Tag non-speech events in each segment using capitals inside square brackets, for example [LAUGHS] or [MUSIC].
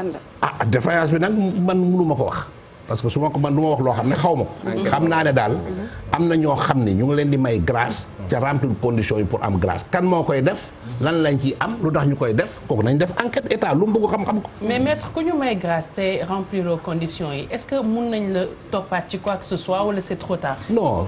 fan la. ah défaillance bi nag man mënu ma ko wax parce que su ma ko man duma wax loo xam ne xaw ma ko. Mm-hmm. xam naa ne daal mm-hmm. am na ñoo xam ne ñu ngi leen di may grâce. ca remplir conditions yi pour am grâce kan moo koy def lan lañ ci am lu tax ñu koy def kooku nañ def enquête état lu mu bëgg xam-xam ko mais maître ku ñu may grâce te remplir conditions yi est-ce que mun nañ la toppaat ci quoi que ce soit wala c'est trop tard non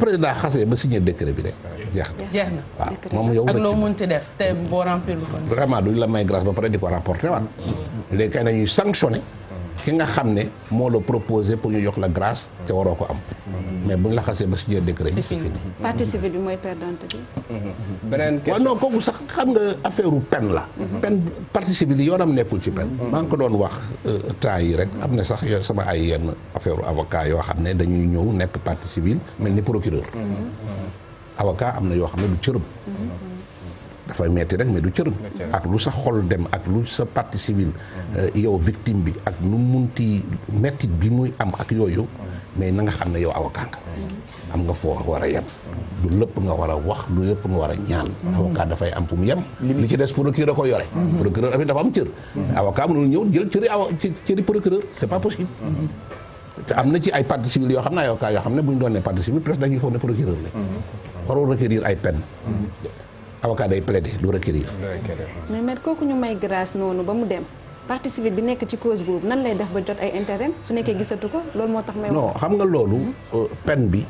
président xasee ba signé décret bi rek jeex na jeex na waaw moom yow ak loo munti def te boo remplir conditions vraiment duñ la may grâce ba pare di ko rapporter waat mm. léegi kay nañuy sanctionner ki nga xam ne moo la proposé pour ñu jox la grace te waroo ko am. mais bu ñu la xasee ba signé décret bi c'est fini. partie bi mooy perdante bi. beneen question non kooku sax xam nga affaire u peine la. Mhm. peine partie civile yi yoonam nekkul ci pen mhm. maa ngi ko doon wax euh, temps yi rek am na sax sama ay yenn affaire avocat yoo xam ne dañuy ñëw nekk partie civile mel ni procureur. Mhm. avocat am na yoo xam ne du cërëm. dafay metti rek mais du cëram ak lu sa xol dem ak lu sa partie civile mm-hmm. euh, yow victime bi ak nu munti mettit bi muy am ak yooyu mm-hmm. mais na nga xam ne yow avocat nga mm-hmm. am nga foo war a yem lu lépp nga war a wax lu lépp nga war a ñaan avocat dafay am fu mu yem li ci des procureur ko yore procureur tamit dafa am cër avocat ñëw jël cëri avo cëri procureur c'est pas possible te am na ci ay partie yoo xam ne ay avocat yoo xam ne bu ñu doon ne partie civile presque dañuy foog ne procureur la waroo a ay peine avocat day plaider du requérir. mais kooku ñu may grâce noonu ba mu dem partie civile bi nekk ci cause boobu nan lay def ba jot ay intérêt su nekkee gisatu ko loolu moo tax. may non xam nga loolu. Euh, peine bi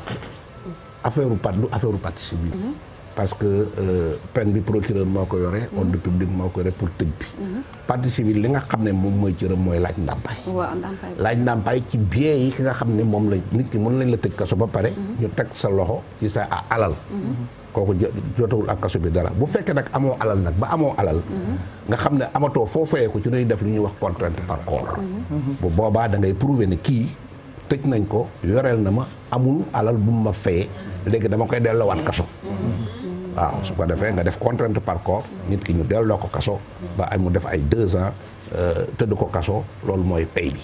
affaire u part affaire u partie mhm. parce que euh, peine bi procureur moo ko yore. ordre mhm. public pour tëj bi. Mhm. partie li nga xam ne moom mooy cëram mooy laaj ndàmpaay. waaw ndàmpaay laaj ndàmpaay ci bien yi ki nga xam ne moom la nit ki mën nañ la tëj kaso ba pare. ñu teg sa loxo ci sa alal. kooku jotawul ak kaso bi dara bu fekkee nag amoo alal nag ba amoo alal mhm. nga xam ne amatoo foo fayee ko ci nuy def lu ñuy wax contrainte par corps mhm. Mhm. bu boobaa da ngay prouver ne kii tëj nañ ko yoreel na ma amul alal bu mu ma fayee léegi dama koy delloo delloowaat kaso waaw su ko defee nga def contrainte par corps nit ki ñu delloo ko kaso ba ay mu def ay deux ans euh, tëdd ko kaso loolu mooy pay bi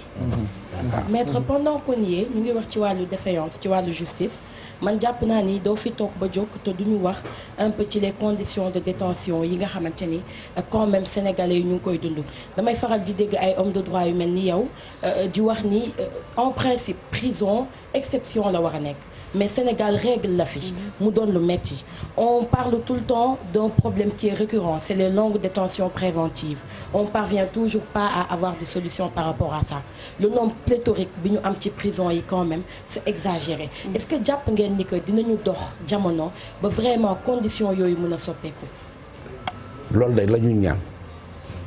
waaw pendant qu'on y ñu ngi wax ci wàllu défaillance ci wàllu justice man jàpp naa ni doo fi toog ba jóg te duñu wax un peu les conditions de détention yi nga xamante ni euh, quand même sénégalais yi ñu ngi koy dund damay faral di dégg ay homme de droit yu mel ni yow euh, di wax ni euh, en principe prison exception la war a nekk mais Sénégal règle la fi mu doon lu metti on parle tout le temps d'un problème qui est récurrent c'est les longues détentions préventives on parvient toujours pas à avoir de solution par rapport à ça le nombre pléthorique bi ñu am ci prison yi quand même c'est exagéré mm. est-ce que jàpp ngeen ni que dinañu dox jamono ba vraiment condition yooyu mën a soppeeku loolu day la ñuy ñaan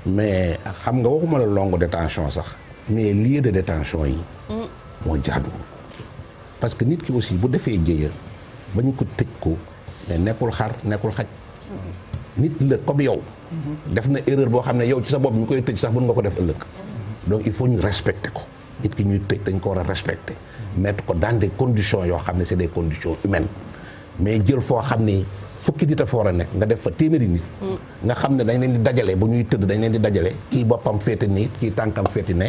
mais xam nga waxuma la longue détention sax mais lieu de détention yi mm. moo jaaduwul parce que nit ki aussi bu defee jéeya ba ñu ko tëj ko nekkul xar nekkul xaj nit la comme yow def na erreur boo xam ne yow ci sa bopp ñu koy tëj sax mën nga ko def ëllëg donc il faut ñu respecter ko nit ki ñuy tëj dañ ko war a respecter mettre ko dans des conditions yoo xam ne c'est de condition humaines mais jël foo xam ne fukki nit a fa a nekk nga def fa téeméeri nit mm. nga xam ne dañ leen di dajale bu ñuy tëdd dañ leen di dajale kii boppam féete nii kii tànkam féete ne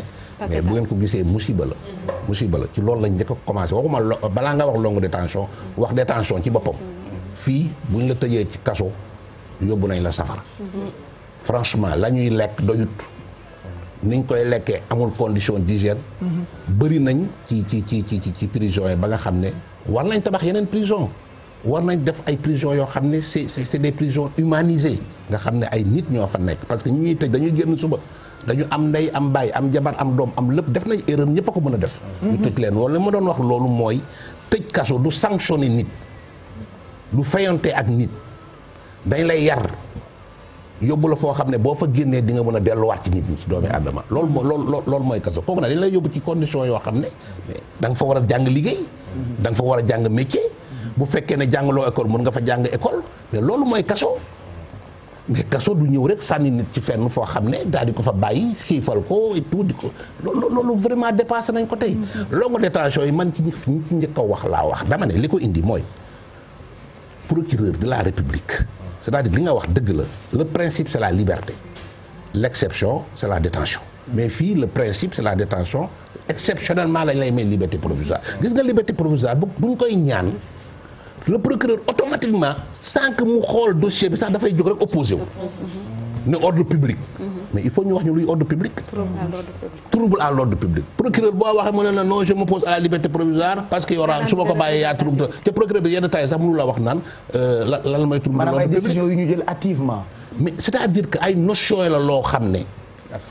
mais bu ngeen ko gisee musiba la mm-hmm. musiba la ci loolu lañ njëkk a commencé waxuma balaa nga wax longue détention wax détention ci boppam mm-hmm. fii bu ñu la tëjee ci kaso yóbbu nañ la safara mm-hmm. franchement la ñuy lekk doyut niñ koy lekkee amul condition d'hygiène bëri nañ ci ci ci ci ci prison yi ba nga xam ne war nañ tabax yeneen prison war nañ def ay prison yoo xam ne c'est c'est des prisons humanisées nga xam ne ay nit ñoo fa nekk parce que ñu ñuy tëj dañuy génn suba dañu am ndey am baay am jabar am doom am lépp def nañ erreur ñëpp a ko mën a def. Mhm. ñu tëj leen wala li ma doon wax loolu mooy tëj kaso du sanctionner nit du fayante ak nit dañ lay yar. yóbbu la foo xam ne boo fa génnee di nga mën a delluwaat ci nit ñi doomi aadama loolu moo mooy kaso kooku nag dañ lay yóbbu ci condition yoo xam ne da nga war a jàng liggéey mhm. da nga war a jàng métier mhm. bu fekkee ne jàngaloo école mën nga fa jàng école mais loolu mooy kaso mais kaso du ñëw rek sànni nit ci fenn foo xam ne daal di ko fa bàyyi xiifal ko et tout di ko loolu vraiment dépassé nañ ko tey. Mm-hmm. longue détention yi man ci ñi ci njëkk a wax laa wax dama ne li ko indi mooy procureur de la république. c'est-à-dire li nga wax dëgg la. le principe c'est la liberté l'exception c'est la détention mais fii le principe c'est la détention exceptionnellement lañ lay may liberté provisoire. gis nga liberté provisoire bu buñ koy ñaan. le procureur automatiquement sans que mu xool dossier bi sax dafay jóg rek opposé wu. ne ordre public. mais il faut ñu wax ñu luy ordre public. trouble à l'ordre public. procureur boo waxee mu ne la non je me pose à la liberté provisoire parce que yow su ma ko bàyyee yaa trouble te bi yenn taay sax mënu la wax naan euh, lan lan mooy. trouble à l'ordre public décision yi ñu jël activement. mais cest que ay notions la loo xam ne.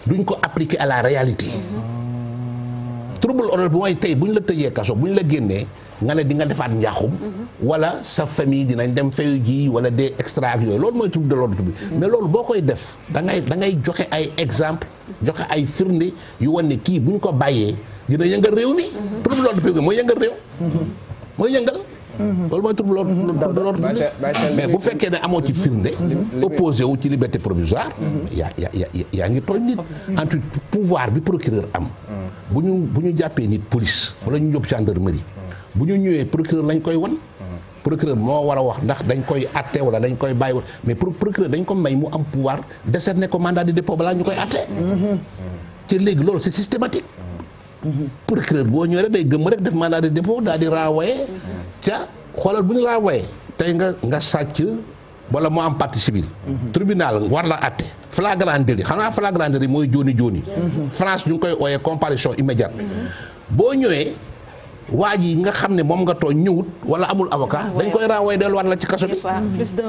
duñ ko appliquer à la réalité. Mm-hmm. trouble à l'ordre bi mooy tey buñ la tëjee kaso buñ la génnee. nga ne di nga defaat njaaxum wala sa famille dinañ dem fayu ji wala des extra ak yooyu loolu mooy trouble de l'ordre public mm-hmm. mais loolu boo koy def da ngay da ngay joxe ay exemple joxe ay firnde yu wane ne kii bu ñu ko bàyyee dina yëngal réew mi mm-hmm. trouble de l'ordre public mooy yëngal réew mm-hmm. mooy yëngal loolu mooy trouble de l'ordre public mais bu fekkee ne amoo ci firnde opposé wu ci liberté provisoire yaa yaa yaa ngi tooñ nit entre pouvoir bi procureur am bu ñu bu ñu jàppee nit police wala ñu yóbbu gendarmerie bu ñu ñëwee procureur lañ koy wan. procureur moo war a wax ndax dañ koy atte wala dañ koy bàyyi mais pour procureur dañ ko may mu am pouvoir décerner ko mandat di dépôt balaa ñu koy atte. te léegi loolu c'est systématique. procureur boo ñëwee day gëm rek def mandat de dépôt daal di renvoyer. ca xoolal bu ñu renvoyer tey nga nga sàcc. wala mu am partie civile. tribunal war la àtte. flagrant délit xanaa flagrant délit mooy jooni jooni. Mm-hmm. France ñu ngi koy ooyee comparution waa ji nga xam ne moom nga tooñ ñëwut wala amul avocat ah, dañ koy renvoyer delluwaat la ci kaso bi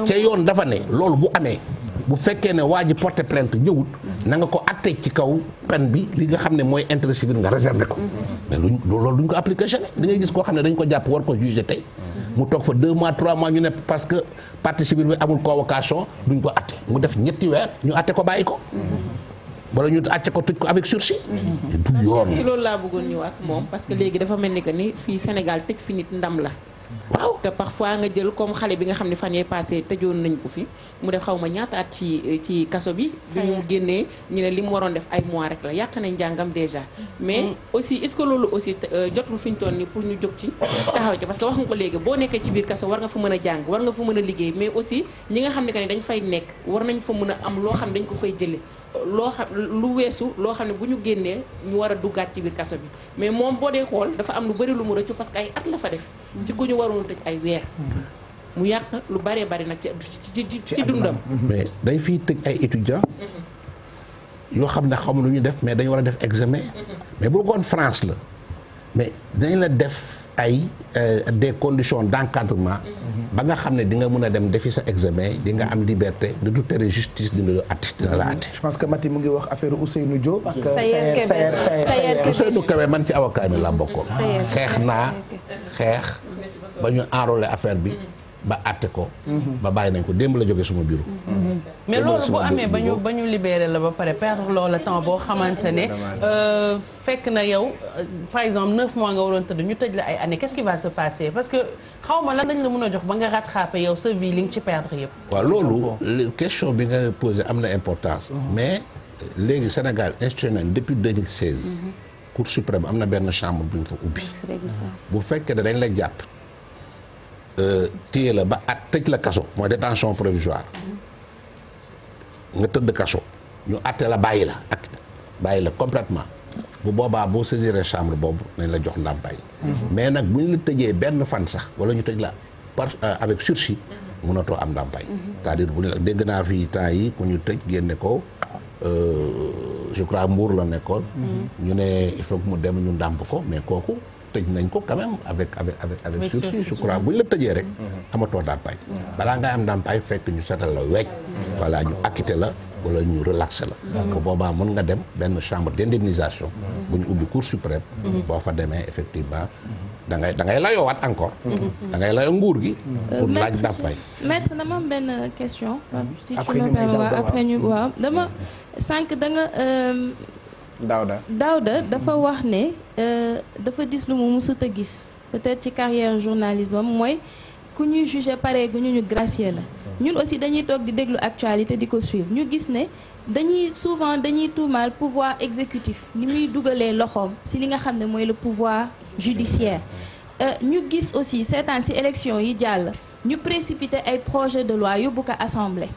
ca yoon dafa ne loolu bu amee bu fekkee ne waa ji porté plainte ñëwut mm-hmm. na nga ko atte ci kaw peine bi li nga xam ne mooy intérêt civil nga réservé ko mm-hmm. mais luñ loolu duñ ko appliqué jamais da ngay gis koo xam ne dañ ko jàpp war ko jugé tey mm-hmm. mu toog fa deux mois trois mois ñu ne parce que parti civile bi amul convocation duñ ko atte mu def ñetti weer ñu atte ko bàyyi ko wala ñu àcc ko ko avec sursis. Mhm. du laa bëggoon ñëwaat moom parce que léegi dafa mel ni que ni fii Sénégal tëj fi ndam la. waaw te parfois nga jël comme xale bi nga xam ne fan yee passé tëjoon nañ ko fi mu def xaw ma ci ci kaso bi. bi génnee ñu ne li mu waroon def ay mois rek la yàq nañ njàngam déjà. mais mm-hmm. aussi est-ce que loolu aussi euh, jotul fi ñu toll nii pour ñu jóg ci taxaw ci parce wax nga ko léegi boo nekkee ci biir kaso war nga fa mën a jàng war nga fa mën a liggéey mais aussi ñi nga xam ne que ne dañ fay nekk war nañ fa mën a am loo xam dañ ko fay jëlee. loo xam lu weesu loo xam ne bu ñu génnee ñu war a duggaat ci biir kaso bi mais moom boo dee xool dafa am lu bëri lu mu rëccu parce que ay at la fa def ci ku ñu waroon tëj ay weer mu yàq lu bëree bari nag ci ci dundam mais dañ fiy tëj ay étudiants yoo xam ne xamu lu ñu def mais dañ war a def examen mm-hmm. mais bu doon France la mais dañ la def ay euh, des conditions d'encadrement ba nga xam ne di nga mën a dem defi sa examen di nga am liberté du du tere justice dina la atti dina la atti je pense que Mati mu ngi wax affaire Ousseynou Diop ak euh, Sayer Sayer Ousseynou Kébé man ci avocat laa bokkoon xeex naa xeex ba ñu enrôlé affaire bi ba àtte ko. ba bàyyi nañ ko démb la jógee suma bureau. mais loolu bu amee ba ñu ba ñu libéré la ba pare perdre loola temps boo xamante ne euh, fekk na yow euh, par exemple neuf mois nga waroon tëdd ñu tëj la ay années qu'est-ce parce que xaw lan lañ la mën a jox ba nga rattraper yow sa vie li nga ci perdre yëpp. waaw loolu question bi nga posé am na importance. Mhm. mais euh, léegi Sénégal institué nañ depuis 2016. Mhm. Cour suprême am na benn chambre bu ñu fa ubbi. bu fekkee dañ la jàpp. Euh, téye la ba at tëj la kaso mooy détention provisoire nga tëdd kaso ñu àtte la bàyyi la ak bàyyi la complètement bu boobaa boo saisiree chambre boobu nañ la jox ndàmpaay mhm. mais nag bu ñu la tëjee benn fan sax wala ñu tëj la parce par euh, avec sursis mhm. mënatoo am ndàmpaay mhm. c'est-à-dire bu ñu la dégg naa fii temps yi ku ñu tëj génne ko euh, je crois Mbour la nekkoon ñu ne il faut mu dem ñu ndàmp ko mais kooku tëj nañ ko quand même avec avec avec avec sursis je crois buñ la tëjee rek mhm. amatoo ndàmpaay balaa ngay am ndàmpaay fekk ñu setal la wecc voilà ñu acquitté la wala ñu relaxé la que boobaa mën nga dem benn chambre d'indemnisation bu ñu ubbi cour suprême boo fa demee effectivement da ngay da ngay layoowaat encore dangay ngay layoo nguur gi pour laaj ndàmpaay maître dama am benn question après ñu waaw dama sànq da Daouda da dafa wax ne euh, dafa dis lu mu mësut gis peut ci carrière journalisme am mooy ku ñuy jugé pare gu ñu ñu gracier la ñun aussi dañuy toog di déglu actualité di ko suivre ñu gis ne dañuy souvent dañuy tuumaal pouvoir exécutif ni muy dugalee loxoom si li nga xam ne mooy le pouvoir judiciaire euh, ñu gis aussi seetaan si élection yi jàll ñu précipité ay projet de loi yóbbu ko assemblée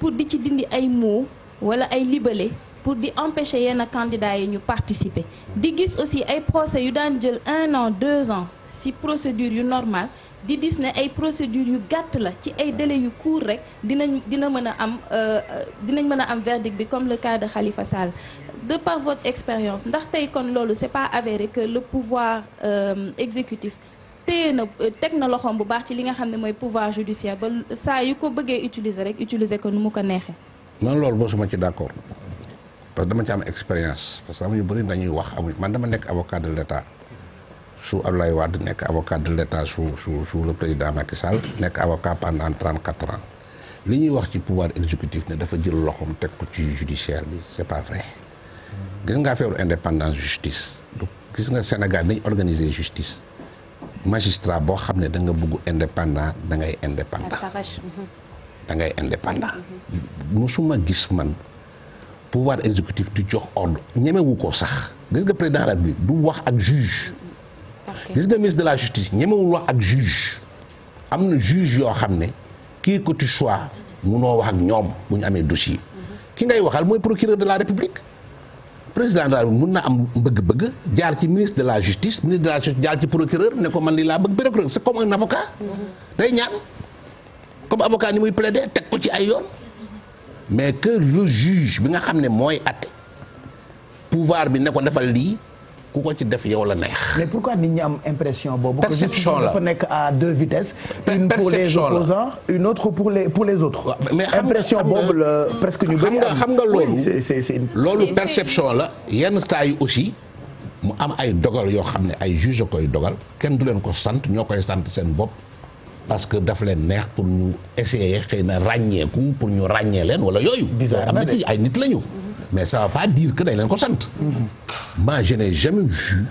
pour di ci dindi ay moo wala ay libellé pour di empêcher yenn candidats yi ñu participer di gis aussi ay procès yu daan jël un an deux ans si procédure yu normal di gis ne ay procédure yu gàtt la ci ay délais yu court rek dinañ dina mën a am euh, euh, dinañ mën a am verdict bi comme le cas de Khalifa saal de par votre expérience ndax tey kon loolu c'est pas avéré que le pouvoir euh, exécutif téye na euh, teg na loxoom bu baax ci li nga xam ne mooy pouvoir judiciaire ba saa yu ko bëggee utiliser rek utiliser ko nu mu ko neexee. man loolu boo ci d'accord. parce que dama ci am expérience parce que am ñu bëri dañuy wax amuñ man dama nekk avocat de l' état su Abdoulaye Wade nekk avocat de l' état sous sous président Macky Sall nekk avocat pendant trente quatre ans li ñuy wax ci pouvoir exécutif ne dafa jël loxoom teg ko ci judiciaire bi c' est pas vrai gis nga affaire indépendance justice gis nga Sénégal dañ organiser justice magistrat boo xam ne da nga indépendant dangay ngay indépendant mm-hmm. da ngay indépendant musuma gis man pouvoir exécutif di jox ordre ñemewu ko sax gis nga président de la République du wax ak juge gis nga ministre de la justice ñemewul wax ak juge am na juge yoo xam ne kii ko tu choix munoo wax ak ñoom bu ñu amee dossier mhm. ki ngay waxal mooy procureur de la république président de la mun na am bëgg-bëgg jaar ci ministre de la justice ministre de la justice jaar ci procureur ne ko man lii laa bëgg procureur c'est comme un avocat mhm. day ñaan comme avocat ni muy plaider teg ko ci ay yoon mais que le juge bi nga xam ne mooy àtte pouvoir bi ne ko defal lii ku ko ci def yow la neex. mais pourquoi nit ñi am impression boobu. perception la dafa nekk à deux vitesses. une les opposants une autre pour les pour les autres. mais impression la presque ñu bëri xam nga loolu. loolu perception la. yenn saa yi aussi mu am ay dogal yoo xam ne ay juge koy dogal kenn du leen ko sant ñoo koy sant seen bopp. parce que dafa leen neex pour ñu essayer xëy na ràññeeku pour ñu ràññee leen wala yooyu. am na ci ay nit lañu. mais ça pas dire que dañ leen ko sant. Mhm. moi je n'ai jamais vu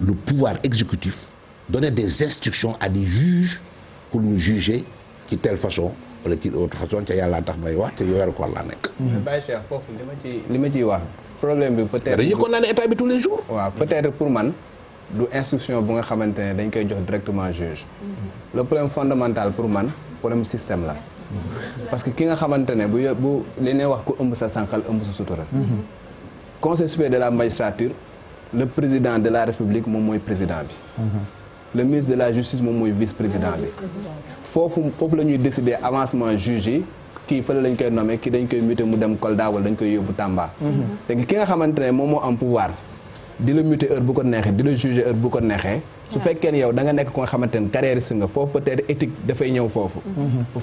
le pouvoir exécutif donner des instructions à des juges pour ñu juger ci telle façon wala ci autre façon ca yàlla tax may wax te yore ko laa nekk. li ma ciy li ma pour man. du instruction bu nga xamante ne dañ koy jox directement juge le problème fondamental pour man problème système la parce que ki nga xamante ne bu bu li ne wax ku ëmb sa sànqal ëmb sa sutura conseil supérieur de la magistrature le président de la république moom mooy président bi le ministre de la justice moom mooy vice président bi foofu foofu la ñuy décider avancement juge yi kii fële lañ koy nommé kii dañ koy muté mu dem Kolda wala dañ koy yóbbu mhm. ki nga xamante ne moom moo di la muter heure bu ko neexee di la juger heure bu ko neexee su fekkee ne yow da nga nekk ko nga xamante ne carriériste foofu bu mm-hmm.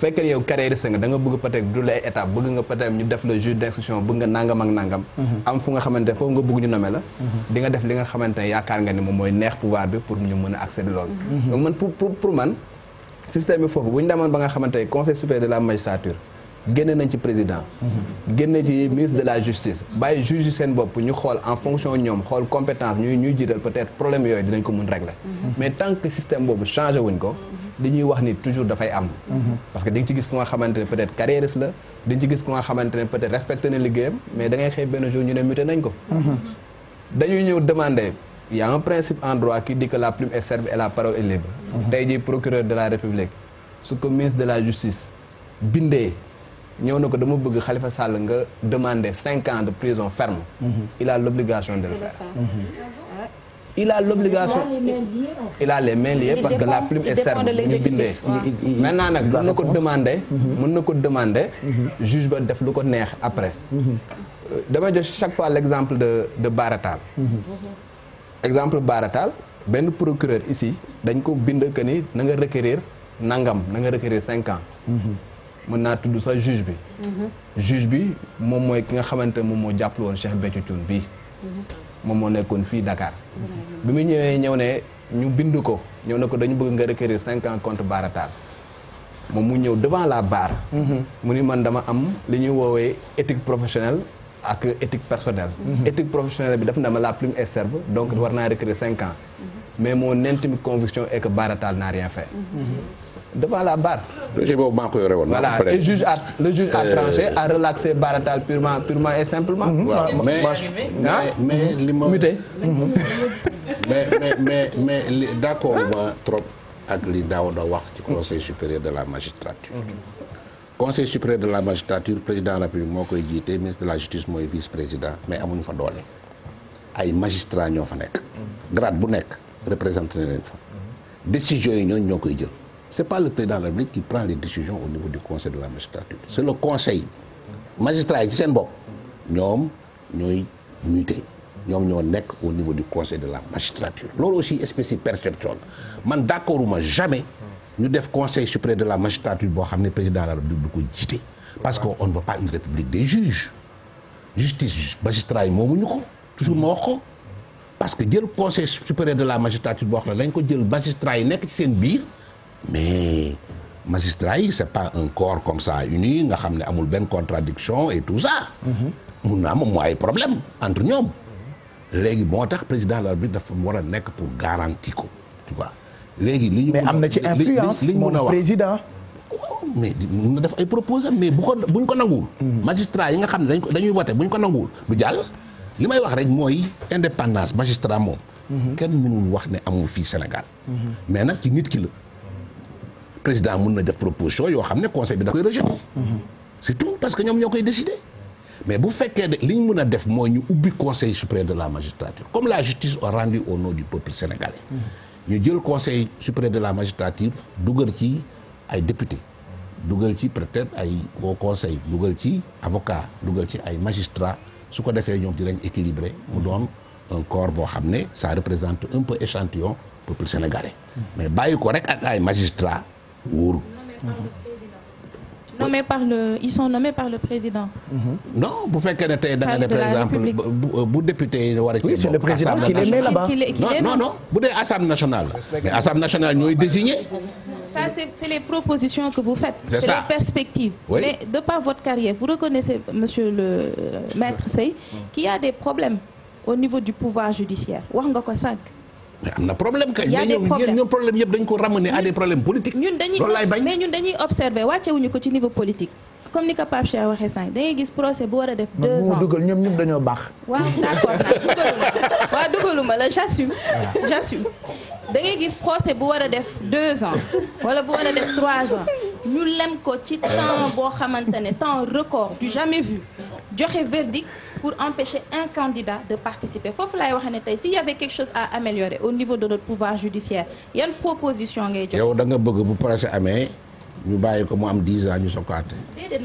fekkee ne yow carriériste nga bëgg peut-être du lay étape bëgg nga peut ñu def le juge d'instruction bëgg nga nangam ak nangam mm-hmm. am fu nga xamante foofu nga bëgg ñu nommer la mm-hmm. di nga def li nga xamante yaakaar nga ni moom mooy neex pouvoir bi pour ñu mën a accéder loolu donc man pour pour man système bi foofu bu ñu de génne nañ ci président génne ci ministre de la justice bàyyi juge yi seen bopp ñu xool en fonction ñoom xool compétence ñuy ñuy jiital peut-être problème yooyu dinañ ko mun régler mais tant que système boobu changé wuñ ko li ñuy wax ni toujours dafay am parce que di nga ci gis ko nga xamante ne peut-être carriériste la di ci gis ku nga xamante ne peut-être respecté na liggéeyam mais da ngay xëy benn jour ñu ne muté nañ ko dañuy ñëw demander il y principe en droit qui dit que la plume est serve et la parole est libre tey jii procureur de la république su de la justice bindee ñëw na ko dama bëgg xalifa Sall nga demander cinq ans de prison ferme. Mhm. il a l'obligation de le faire. Mhm. Ah. les mains liées parce que la plume est ferme ñu bindee. maintenant nag mën na ko demande mhm. mën na ko demander. juge ba def lu ko neex après. Euh, dama jox chaque fois l'exemple de de Baratal. exemple Baratal benn procureur ici dañ ko bind que ni na nga requérir nangam na nga requérir cinq ans. mën naa tudd sax juge bi. Mhm. juge bi moom mooy ki nga xamante ne moom moo jàppale woon Cheikh Béthio Thioune bii. Mhm. moom moo nekkoon fii Dakar. Mhm. bi mu ñëwee ñëw ne ñu bind ko ñëw ne ko dañu bëgg nga requérir cinq ans contre Bara moom mu ñëw devant la barre. mu ni man dama am li ñuy woowee étique professionnelle ak éthique personnelle. éthique professionnelle bi daf na ma la plume est donc war naa requérir cinq ans. mais moo intime conviction est que Bara Tall n'a devant la barre. dossier boobu maa ko yore woon. voilà a le juge a euh, tranché a relaxé Bara Tall purement purement et simplement. waaw mmh, mais mais mmh. li ma muté. Mmh. mais mais mais mais d' accord ma trop ak li Daouda wax ci conseil supérieur de la magistrature. conseil supérieur de la magistrature président de la République moo koy jiite ministre de la justice mooy vice président mais amuñu fa doole. ay magistrats ñoo fa nekk. grade bu nekk représenté na fa. décision yi ñooñu ñoo koy jël. c'est pas le président de la République qui prend les décisions au niveau du conseil de la magistrature c'est le conseil magistrat yi ci seen bopp ñoom ñooy muté ñoom ñoo nekk au niveau du conseil de la magistrature loolu aussi espèce de perception man d'accorduma jamais ñu def conseil suprême de la magistrature boo xam ne président de la République du ko jiite parce que on ne veut pas une république des juges justice magistrat yi moomuñu ko toujours ko parce que jël conseil supérieur de la magistrature boo xam ne jël magistrat yi nekk ci seen biir mais magistrat yi c'est pas encore corps comme ça uni nga xam ne amul benn contradiction et tout ça mm-hmm. mun na am mu ay problème entre ñoom léegi moo tax président de la bi dafa war a nekk pour garanti ko tu léegi li ñu mais am na ci influence li ñu mën a wax président mais mun def ay proposé mais bu ko buñ ko nanguwul mm-hmm. magistrat yi nga xam ne dañ dañuy wote buñ ko nanguwul du jàll li may wax rek mooy indépendance magistrat moom mm-hmm. kenn mënul wax ne amul fii Sénégal mais nag ci nit kilo président mun na def proposition yoo xam ne conseil bi da koy rejeté. c'est tout parce que ñoom ñoo koy décidé. mais bu fekkee de li ñu mën a def mooy ñu ubbi conseil suprême de la magistrature comme la justice a rendu au nom du peuple sénégalais. ñu jël conseil suprême de la magistrature dugal ci ay député dugal ci peut ay au conseil dugal ci avocat dugal ci ay magistrat su ko defee ñoom dinañ équilibré mu doon un corps boo xam ne ça représente un échantillon peuple sénégalais mais bàyyi ko rek ak ay magistrat nguur. nommés par le ils sont nommés par le président. Mm-hmm. non bu fekkee ne tey da nga ne par exemple bu euh, a. oui c'est le président qui les met là-bas non non non bu dee assemblée nationale. mais assemblée nationale ñooy désigné. ça c'est c'est les propositions que vous faites. c'est ça mais de par votre carrière vous reconnaissez monsieur le euh, maître Seye. qu'il y a des problèmes au niveau du pouvoir judiciaire wax nga ko sànq. mais am na problème kay. y' a problème yëpp dañ ko ramener à des problèmes politiques. ñun dañuy mais ñun dañuy wàccewuñu ko ci niveau politique. comme ni ko Pape Cheikh waxee sànq da ngay gis procès bu war a def. deux ans man dugal ñoom ñëpp dañoo baax. waaw d' accord waaw dugaluma la j' assume. j' da ngay gis procès bu war a def deux ans wala bu war a def trois ans ñu lem ko ci temps boo xamante ne temps record du jamais vu. joxe verdict pour empêcher un candidat de participer foofu laay wax ne tey s'il y avait quelque chose à améliorer au niveau de notre pouvoir judiciaire yan proposition ngay jox. yow da nga bëgg bu procès amee ñu bàyyi ko mu am 10 ans ñu soog ko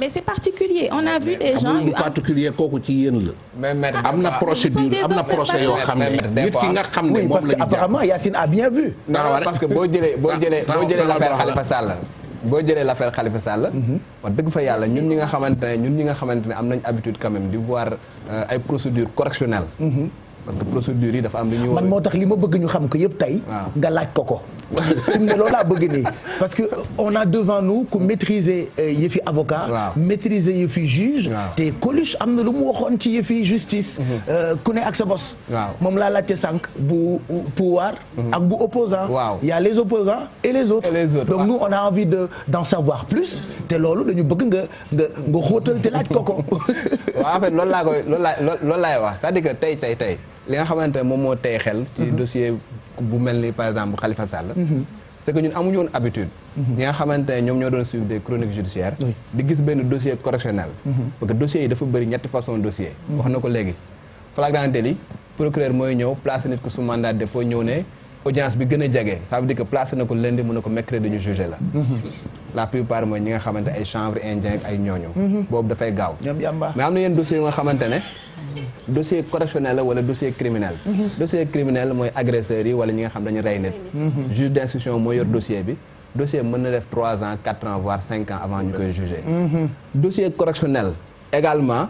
mais c'est particulier on a vu des gens yu ci yéen la. am na procédure am na procès yoo xam ne nit ki nga xam ne moom la ñu. parce que apparemment Yacine a bien vu. parce que boo jëlee boo jëlee boo jëlee l'affaire Khalifa Sall boo jëlee l'affaire Khalifa Sall. Mhm. wax dëgg fa yàlla ñun ñi nga xamante ne ñun ñi nga xamante ne am nañ habitude quand même di voir euh, ay procédures correctionnelles. Mhm. parce que procédure yi dafa am lu ñu. man moo tax li ma bëgg ñu xam ko yëpp tey. nga laaj ko ko. fi mu ne loolu bëgg nii parce que euh, on a devant nous ku maîtriser euh, yëfi avocat. waaw yëfi juge. te Coluche am na lu mu waxoon ci yëfi justice. Mm-hmm. Euh, ku ne ak sa bos. moom laa laajte sànq bu pouvoir. Mm-hmm. ak bu opposant waaw y les opposants et les autres. donc nous on a envie de d'en savoir plus. te loolu ñu bëgg nga nga nga xóotal te laaj ko [LAUGHS] loolu laa laay wax cest tey tey tey. li nga xamante ne moom moo tey xel. ci mhm. dossier bu mel ni par exemple Khalifa Sall. Mhm. c'est que ñun amuñu woon habitude. Mhm. ñi nga xamante ñoom ñoo doon suivre des chroniques judiciaires. di gis benn dossier correctionnel. parce que dossiers yi dafa bëri ñetti façon dossier. wax na ko léegi flagrant délit procureur mooy ñëw placé nit ko su mandat de dépôt ñëw ne audience bi gën a jege ça veut dire que placé na ko lundi mën na ko mercredi ñu jugé la. la plupart mooy ñi nga dossier correctionnel la wala dossier criminel mhm. dossier criminel mooy agresseurs yi wala ñi nga xam dañu rey nit mhm. Mhm. juge d'instruction moo yor dossier bi dossier mën na def trois ans quatre ans voire cinq ans avant ñu koy juger dossier correctionnel également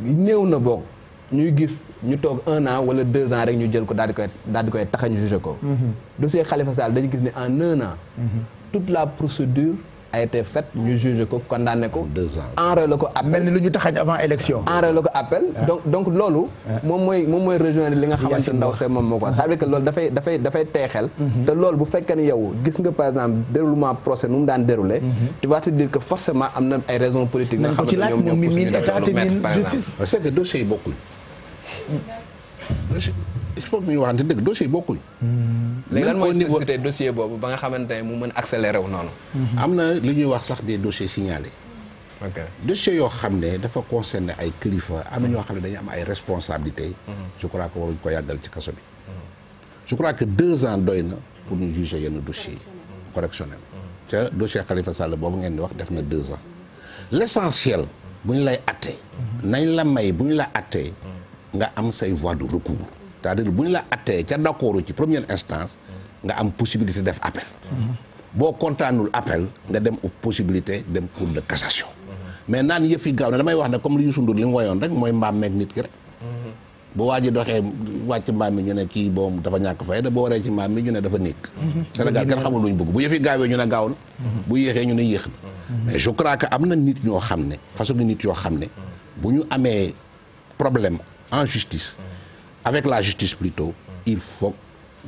néew na boog ñuy gis ñu toog un an wala deux ans rek ñu jël ko daal di koy taxañ juger ko dossier Khalifa Sall dañu gis ne un an toute la procédure ay été faite ñu jugé ko condamné ko. deux ans ko appel mel ni lu ñu taxañ avant élection. enrôlé ko appel ah. donc donc loolu. moom mooy moom mooy rejoindre li nga xamante ndaw see moom moo ko. c'est-à-dire loolu dafay dafay dafay teexel. Mm-hmm. te loolu bu fekkee ne yow gis nga par exemple déroulement procès nu mu daan déroulé. Mm-hmm. tu vas te dire forcément am na ay raisons politiques. nga xamante ne ñoom ñoo ko suñu doon loolu mel c'est que dossiers yi bokkuñ. il faut que ñu waxante dëgg dossier yi bokkuñ. Hmm. léegi lan mooy nécessité dossier boobu ba nga xamante ne mu mën accélérer wu noonu. Hmm. am na li ñuy wax sax des dossiers signalés. ok dossiers yoo xam ne dafa concerner ay kilifa am na hmm. ñoo xam ne dañu am ay responsabilités. je crois que waruñ ko yàggal ci kaso bi. je crois que deux ans doy na pour ñu juger yenn dossiers yi. correctionnel ca dossier Khalifa Sall boobu ngeen di wax def na deux ans l' essentiel bu ñu lay atte nañ la may bu ñu la attee nga am say voie de recours. c'est-à-dire bu ñu la attee ca d'accord ci première instance nga am possibilité def appel boo kontaanul appel nga dem possibilité dem cour de cassation mais naan yëf yi gaaw na damay wax ne comme li Youssou Ndour li mu wayoon rek mooy mbaam meeg nit ki rek bu waa doxee wàcc mbaam mi ñu ne kii boobu dafa ñàkk fayda boo waree ci mbaam mi ñu ne dafa nekk Sénégal kenn xamul luñ bëgg bu yëf yi gaawee ñu ne gaaw na bu yéexee ñu ne yéex na mais je crois que am na ni ñoo xam ne façon nit yoo xam ne bu ñu amee problème en avec la justice plutôt il faut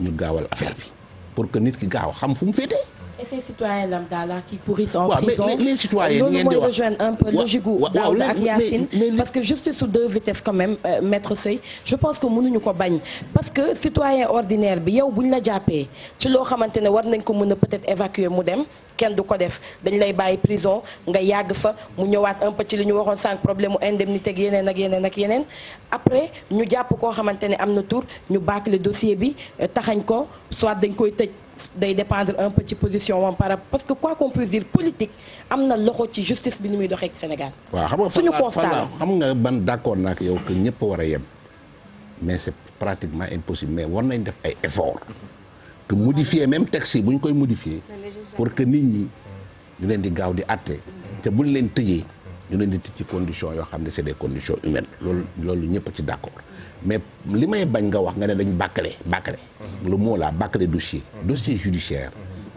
ñu gaawal affaire bi pour que nit ki gaaw xam fu mu féetee et ces citoyens lambda là qui pourrissent en prison waaw loolu mooy rejoindre un peu logique gu Daouda ak Yacine parce que juste sur deux vitesses quand même euh, maître Sey je pense que mënuñu ko bañ parce que citoyen ordinaire bi yow bu la jàppee ci loo xamante ne war nañ ko mën a peut-être évacuer mu dem kenn du ko def dañ lay bàyyi prison nga yàgg fa mu ñëwaat un peu ci li ñu waxoon sànq problème mu indemnité ak yeneen ak yeneen ak yeneen après ñu jàpp koo xamante ne am na tour ñu bâcler dossier bi euh, taxañ ko soit dañ koy tëj day dépendre un peu position moom parce que quoi qu'on puisse dire politique am na loxo ci justice bi ni muy doxee Sénégal. suñu constat xam nga ban d'accord naa ak yow que ñëpp war a yem mais c'est pratiquement impossible mais war nañ def ay efforts que modifier même texte yi bu ñu koy modifier pour que nit ñi ñu leen di gaaw di àtte te buñ leen tëjee ñu leen di tëj ci conditions yoo xam ne c'est des condition humaines loolu loolu ñëpp ci d'accord. mais li may bañ nga wax nga ne dañ bàkkale bàkkale le mot là bàkkale dossier dossier judiciaire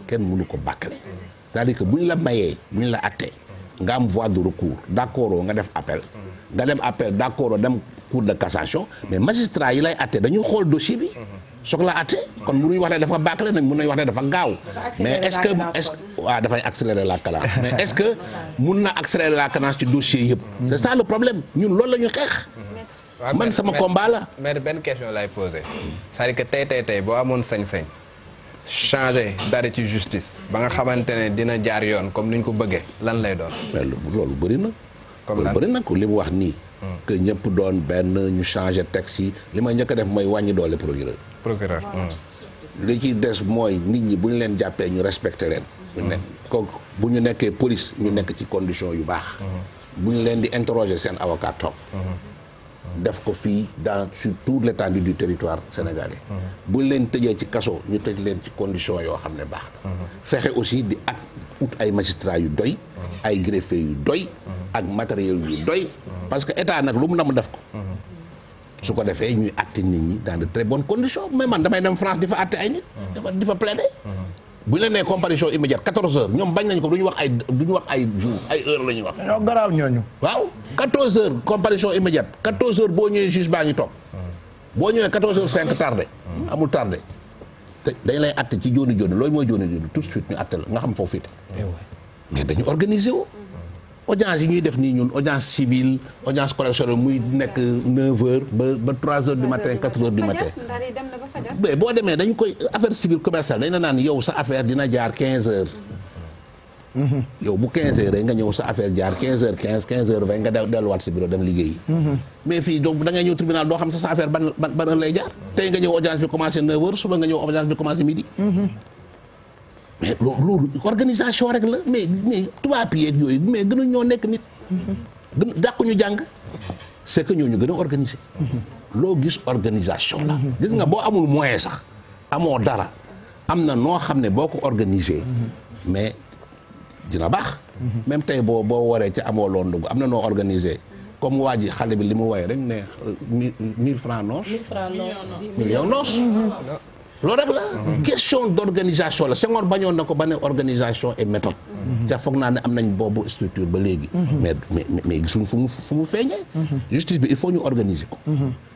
kenn mënu ko bàkkale cest à bu ñu la mayee bu ñu la attee nga am voie de recours d'accord oo nga def appel nga dem appel d'accord dem cour de cassation mais magistrat yi lay atte dañuy xool dossier bi soog la atte kon mënuñu wax ne dafa bàkkale nañ mën nañu wax ne dafa gaaw mais est-ce que est-ce waaw dafay accélérer la cadence mais est-ce que mun na accélérer la cadence ci dossier man sama combat la. mais benn question lay posé cest à que tey tey tey boo amoon sañ-sañ changer dara ci justice ba nga xamante ne dina jaar yoon comme ni ñu ko bëggee lan lay doon. mais loolu bëri na. comme lan bëri na ko li mu wax nii. Hmm. que ñëpp doon benn ñu changer texte yi li may njëkk def mooy wàññi doole procureur. procureur. Hmm. li ci des mooy nit ñi bu ñu leen jàppee ñu respecté leen. ñu hmm. nekk bu ñu nekkee police ñu nekk ci condition yu baax. bu ñu leen di interroger seen avocat toog. def ko fii dans sur toute l'étendue du territoire sénégalais. buñ leen tëjee ci kaso ñu tëj leen ci condition yoo xam ne baax na. fexe aussi di ak ut ay magistrats yu doy. ay greffiers yu doy. ak matériel yu doy. parce que état nag lu mu na mu def ko. su ko defee ñuy àtte nit ñi dans de très bonnes conditions mais man damay dem France di fa àtte ay nit. di fa plaider. bu ñu la nee comparution immédiate 14 heures ñoom bañ nañ ko du ñu wax ay du ñu wax ay jour ay heure la wax. ñoo garaaw ñooñu. waaw 14 heures comparution immédiate 14 heures boo ñëwee juge baa ngi toog boo ñëwee 14 heures 5 tardé. amul tardé te dañ lay atte ci jooni jooni loolu mooy jooni jooni tout suite ñu atte la nga xam foofu it. Eh mais dañu organiser audience yi ñuy def nii ñun audience civile audience correctionnelle muy nekk 9h ba ba 3 du matin 4h du matin. boo demee dañu koy affaire civile commerciale dañ la naan yow sa affaire dina jaar 15h. Mm-hmm. yow bu 15h rek nga delluwaat si bureau dem liggéeyi. Mm-hmm. da ngay ñëw tribunal doo xam sa affaire ban ban ban lay jaar. tey nga ñëw audience bi commencé 9h suba nga ñëw audience bi commencé midi. Mm-hmm. mais loolu organisation rek la mais mais tubaab yeeg yooyu mais gënuñ ñoo nekk nit. gën dàqu ñu jàng. c' est que ñooñu gën a organiser. loo gis organisation la. gis nga boo amul moyen sax amoo dara am na noo xam ne boo ko organiser. mais dina baax. même tey boo boo waree ci amoo loon dugg am na noo organiser comme waa ji xale bi li mu woy rek ne mille francs noos. loolu rek la question d'organisation la Senghor bañoon ko ba ne organisation et méthode mhm. te foog naa ne am nañ boobu structure ba léegi mhm. mais mais mais fu mu feeñee mhm. justice bi il faut ñu organiser ko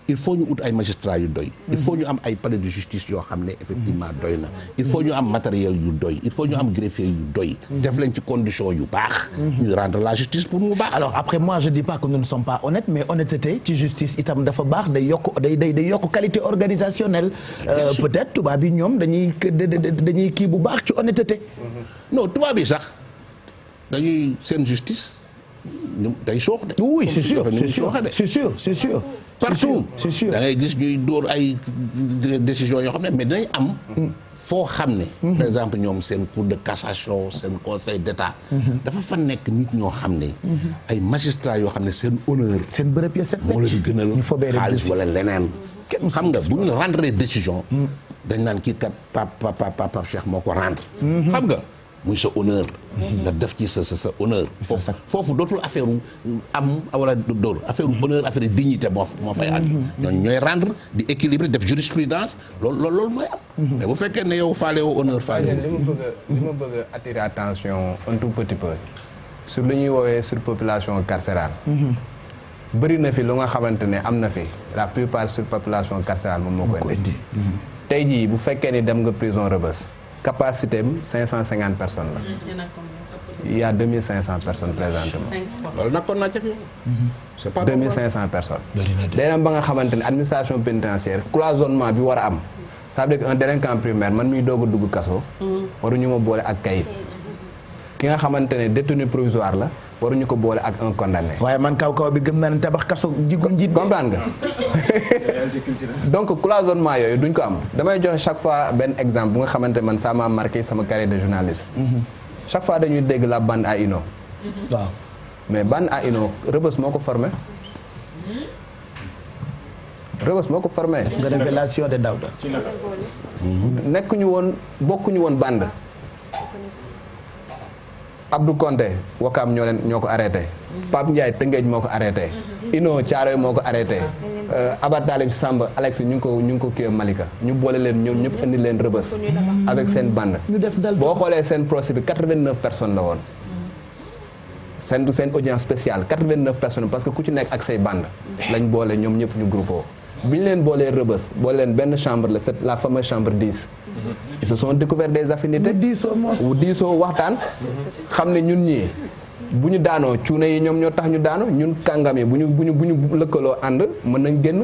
il faut ñu ut ay magistrats yu doy. il faut ñu am ay palais de justice yoo xam ne effectivement doy na. il faut ñu am matériel yu doy il faut ñu am greffier yu doy. def leen ci condition yu baax. ñu rendre la justice pour mu baax. alors après moi je dis pas que nous ne sommes pas honnêtes mais honnêteté ci justice itam dafa baax day yokk qualité organisationnelle. Euh, peut-être tubaab ñoom dañuy kii bu baax ci honnêteté. non tubaab sax dañuy seen justice. day suux de. oui c'est sûr c'est sûr c'est sûr c'est sûr. partout c'est gis ñuy dóor ay décision yoo xam ne mais day am. foo xam ne. Mm-hmm. par exemple ñoom seen cour de cassation seen conseil d'état. Mm-hmm. dafa fa nekk nit ñoo xam ne. Mm-hmm. ay magistrats yoo xam ne seen honneur. seen bërëb ya set moo leen gënal xaalis wala leneen. xam nga mm. dañ naan kii kat Pape Pape Pape moo ko rendre. xam nga. muy sa honneur. Mhm. nga def ci sa sa sa honneur. foofu dootul affaire am wala doolu affaire mhm. honneur affaire dignité moo moo fay ànd. Mhm. ñooy rendre di équilibrer def jurisprudence loolu loolu mooy am. mais bu fekkee ne yow faale woo honneur faale woo. li ma bëgg a li a attirer attention un tout petit peu sur lu ñuy woowee surpopulation carcérale. bëri na fi lu nga xamante am na fi la plupart surpopulation carcérale moom moo koy indi. tey jii bu fekkee ni dem nga capacité am cinquante personne la. il y a 2500 personnes présentement. loolu nag kon naa ci mhm. c'est pas 2500 personnes. day ba nga xamante ne administration pénitentiaire cloisonnement bi war a am. ça veut dire que un délinquant primaire man muy doog a dugg kaso. Mhm. ñu ma boole ak kayit. ki nga xamante ne détenu provisoire la. waruñu ko boole ak un condamné. waaye man kaw kaw bi gëm naa ne tabax kaso jigul njiit comprendre nga [LAUGHS] donc cloisonnement yooyu duñ ko am damay joxe chaque fois benn exemple bu nga xamante man ça m'a marqué sama carrière de journaliste mhm. chaque fois dañuy dégg la bande à Ino mhm. waaw mais bande a Ino rëbës moo ko formé mhm. rëbës moo ko formé. révélation de Daouda nekkuñu woon bokkuñu woon bande Abdou Konté Wakaam ñoo leen ñoo ko arrêté Pape Ndiaye Tëngéej moo ko arrêté Ino Thiaroye moo ko arrêté euh, Abat Talib Samba Alex ñu ko ñu ngi ko kiiwee Malika ñu boole leen ñoom ñëpp indi leen rëbës avec seen bande boo xoolee seen procès bi 89 personnes la woon seen seen audience spéciale 89 personnes parce que ku ci nekk ak say bande lañ boole ñoom ñëpp ñu groupé bi ñu leen boolee rëbës boole leen benn chambre la c'est la fameuse chambre 10 ils se sont découvert des affinités wu diisoo waxtaan xam ne ñun ñii bu ñu daanoo cuune yi ñoom ñoo tax ñu daano ñun kàngam yi bu ñu bu ñu bu ñu lëkkaloo ànd mën nañ génn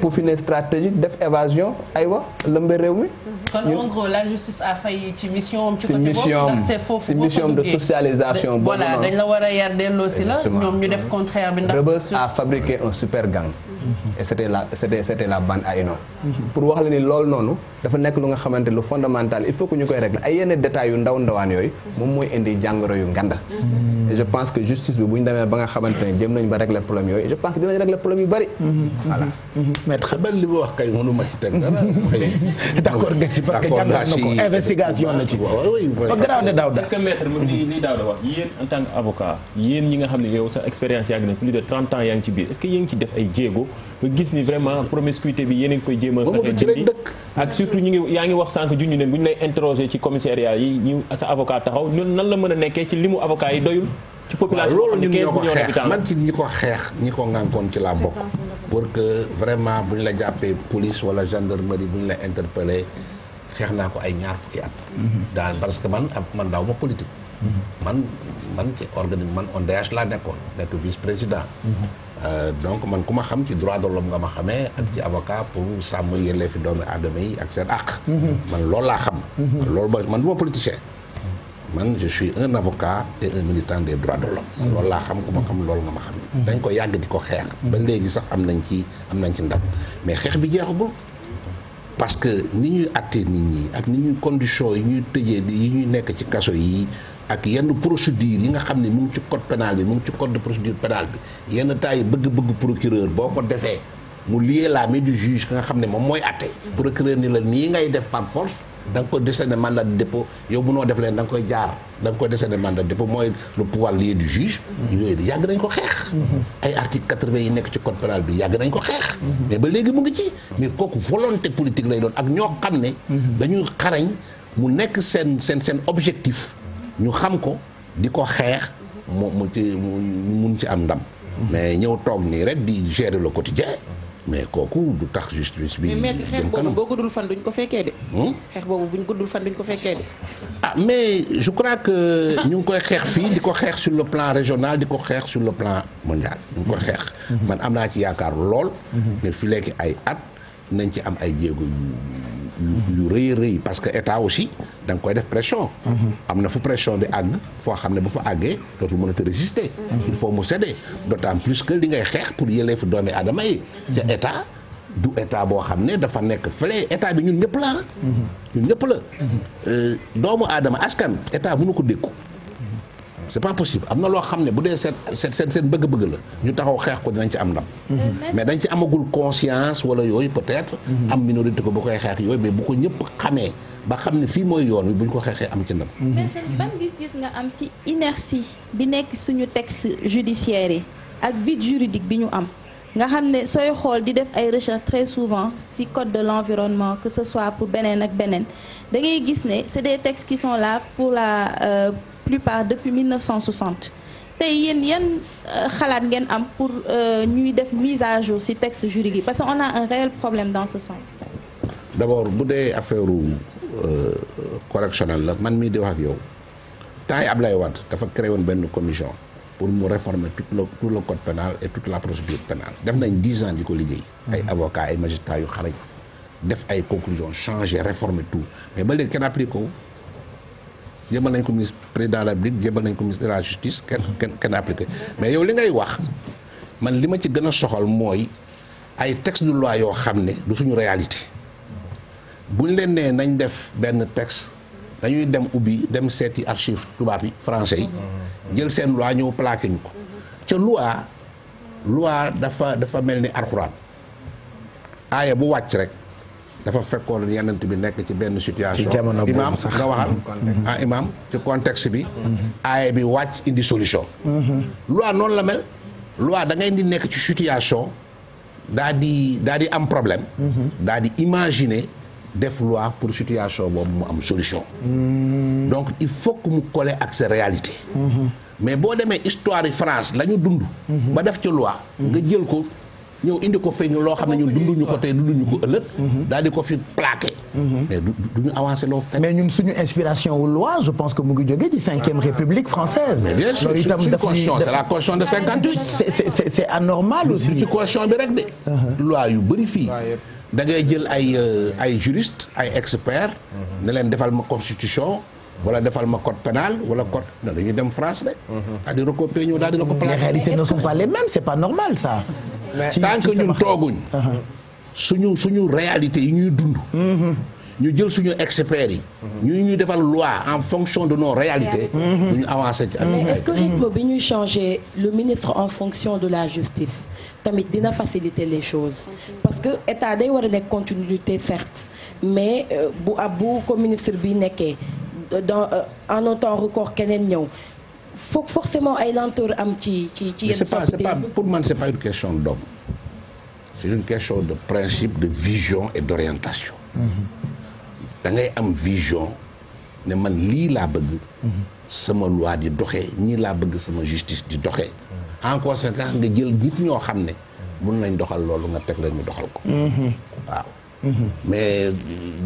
peaufiner stratégie def évasion aywa lëmbe réew mi. la justice a failli ci mission. ci mission ci mission de socialisation. boobu noonu voilà dañ la war a yar delloosi la. ñoom ñu def contraire bi ndax. Rebeuss a fabriqué un super gang. e c'était la c'était c'était la bande à Ino pour wax la ni loolu noonu dafa nekk lu nga xamante lu fondamental il faut que ñu koy régler ay yenn détails yu ndaw ndawaan yooyu moom mooy indi jàngoro yu nganda mm-hmm. et je pense que justice bi bu ñu demee ba nga xamante ne jëm nañ ba régler problème yooyu je pense que dinañ régler problème yu bari mm-hmm. Mm-hmm. voilà maître xamal li mu wax kay mënu ma ci teg dara [LAUGHS] [LAUGHS] d'accord nga ci parce que jàngal na ko investigation na ci fa garaaw de Daouda est-ce que maître li li Daouda wax yéen en tant que avocat yéen ñi nga xam ne yow sa expérience yàgg na plus de 30 ans yaa ngi ci biir est-ce que yéen ngi ci def ay jéego ba gis ni vraiment promiscuité bi yéen a ngi koy jéem a fexe dindi ak surtout surtout ñu ngi yaa ngi wax sànq junj ne bu ñu lay interroger ci commissariat yi ñu sa avocat taxaw ñun nan la mën a nekkee ci limu avocat yi doyul. ci population loolu ñun ko xeex man ci ñi ko xeex ñi ko ngànkoon ci laa bokk. pour que vraiment bu ñu la jàppee police wala gendarmerie bu ñu la interpellé xeex naa ko ay ñaar fukki at. Mhm. daal parce que man ab man daaw ma politique. Mhm. man man ci organisme man ONDH laa nekkoon nekk vice président. Mhm. Euh, donc man ku ma xam ci droit de l'homme nga ma xamee ak ci avocat pour sàmm fi doomi aadama yi ak seen àq mhm. man lool laa xam mhm. lool ba man du politicien man je suis un avocat et un militant des droits de l'homme mhm. loolu laa xam ku ma xam loolu nga ma xam dañ ko yàgg di ko xeex ba léegi sax am nañ ci am nañ ci ndam mais xeex bi jeexagul parce que ni ñuy àttee nit ñi ak ni ñuy condition yi ñuy tëjee yi ñuy nekk ci kaso yi ak yenn procédure yi nga xam ne mu ngi ci code pénal bi mu ngi ci code de procédure pénale bi yenn temps bëgg-bëgg procureur boo ko defee mu lié la main du juge nga xam ne moom mooy atte procureur ni la nii ngay def par force da nga koy décerner mandat de dépôt yow noo def leen da nga koy jaar da nga koy décerner mandat de dépôt mooy le pouvoir lié du juge. yàgg nañ ko xeex. ay article quatre-vingt yi nekk ci code pénal bi yàgg nañ ko xeex. mais ba léegi mu ngi ci. mais kooku volonté politique lay doon ak ñoo xam ne. Mhm. dañuy xarañ mu nekk seen seen seen objectif. ñu xam ko di ko xeex mu mu ci mu mu ci am ndam. mais ñëw toog nii rek di gérer le quotidien mais kooku du tax justice bi. mais xeex boobu boo guddul fan duñ ko fekkee de. Hmm? xeex boobu buñ guddul fan duñ ko fekkee ah mais je crois que ñu ngi koy xeex fii di ko xeex sur le plan régional di ko xeex sur le plan mondial. ñu ngi koy xeex. Hmm. man am naa ci yaakaar lool. Hmm. mais fi léegi ay at nañ ci am ay jéego yu rëy rëy parce que état aussi danga koy def pression am na fu pression di àgg foo xam ne bu fa àggee dootul mënati résister il faut mu céder en plus que li ngay xeex pour yëleefu doomi aadama yi ca état du état boo xam ne dafa nekk fële état bi ñun ñëpp la ñun ñëpp la euh, doomu aadama askan état bu mënu ko dékku c'est pas possible am na loo xam ne bu dee seen seen seen bëgg-bëgg la ñu taxaw xeex ko dinañ ci am ndam. Euh, mais dañ ci amagul conscience wala yooyu peut mhm. am minorité ko ba koy xeex yooyu mais bu ko ñëpp xamee ba xam ne fii mooy yoon wi bu ñu ko xeexee am ci ndam. mais ban gis-gis nga am ci inertie bi nekk suñu texte judiciaire yi ak vide juridique bi ñu am. nga xam ne sooy xool di def ay recherche très souvent ci code de l'environnement que ce soit pour beneen ak beneen da ngay gis ne c'est des textes qui la. Euh, plupart depuis 1960 tey yéen yan euh, xalaat ngeen am pour euh, ñuy def mise à jour ci texte juridique parce que on a un réel problème dans ce sens. d' abord bu dee affaire euh, correctionnel la man mi di wax ak yow temps yi Ablaye Wade dafa créé woon benn commission pour mu réformer tout le tout code pénal et toute la procédure pénale def nañ dix ans di ko liggéey. ay mm-hmm. avocats ay magistrats yu xarañ def ay conclusions changer réformer tout mais ba léegi kenn appliqué jëbal nañ ko ministre président de la République jëbal nañ ko ministre de la justice kenn kenn kenn mais yow li ngay wax man li ma ci gën a soxal mooy ay texte de loi yoo xam ne du suñu réalité buñ leen nee nañ def benn texte dañuy dem ubbi dem seeti archive tubaab yi français yi jël seen loi ñëw plaqué ñu ko ca loi loi dafa dafa mel ni arxuraan aaya bu wàcc rek dafa fekkoon yenent bi nekk ci benn situation imaam nga waxal mm-hmm. ah imaam ci contexte bi aaya bi wàcc indi solution mm-hmm. loi noonu la mel loi da di nekk ci situation daa di daa di am problème mm-hmm. daa di imagine def loi pour situation boobu mu am solution donc il faut que mu coller ak sa réalité mais boo demee histoire yi France lañu ñu dund ba def ci loi nga jël ko ñëw indi ko feeñu loo xam ne ñun dunduñu ko tey dunduñu ko ëllëg. Mhm. daal di ko fi plaqué. Mhm. mais du duñu avancé loo fenn. mais ñun suñu inspiration wu loi je que mu ngi jógee ci cinquième république française. loolu itam daf constitution c'est la constitution de cinquante huit. anormal aussi. ci bi rek de. Uh-huh. loi yu bëri fii. da ngay jël ay euh, ay juriste ay expert uh-huh. ne leen defal ma constitution. wala defal ma code pénal wala code dañuy dem France rek. Uh-huh. cest c'est pas normal ça. tant que ñun tooguñ suñu suñu réalité yi ñuy dund mhm. ñu jël suñu experts yi mhm. ñu ñuy defal loi en fonction de nos réalités ñu mhm. avancé ci mais que bi ñuy changer le ministre en fonction de la justice tamit dina faciliter les choses parce que état day war a nekk continuité certes mais euh, bu ab bu ko ministre bi nekkee dans euh, en un temps record keneen ñëw foog forcément ay lenteur am ci ci ci yenn. pas c'est pas pour man c'est pas une question d'homme c'est une question de principe de vision et d'orientation. Mm-hmm. da ngay am vision ne man lii laa bëgg. Mm-hmm. sama loi di doxe ñii laa bëgg sama justice di doxe doxee. en conséquence nga jël nit ñoo xam ne. mun nañ doxal loolu nga teg la ñu doxal ko. Mm-hmm. mais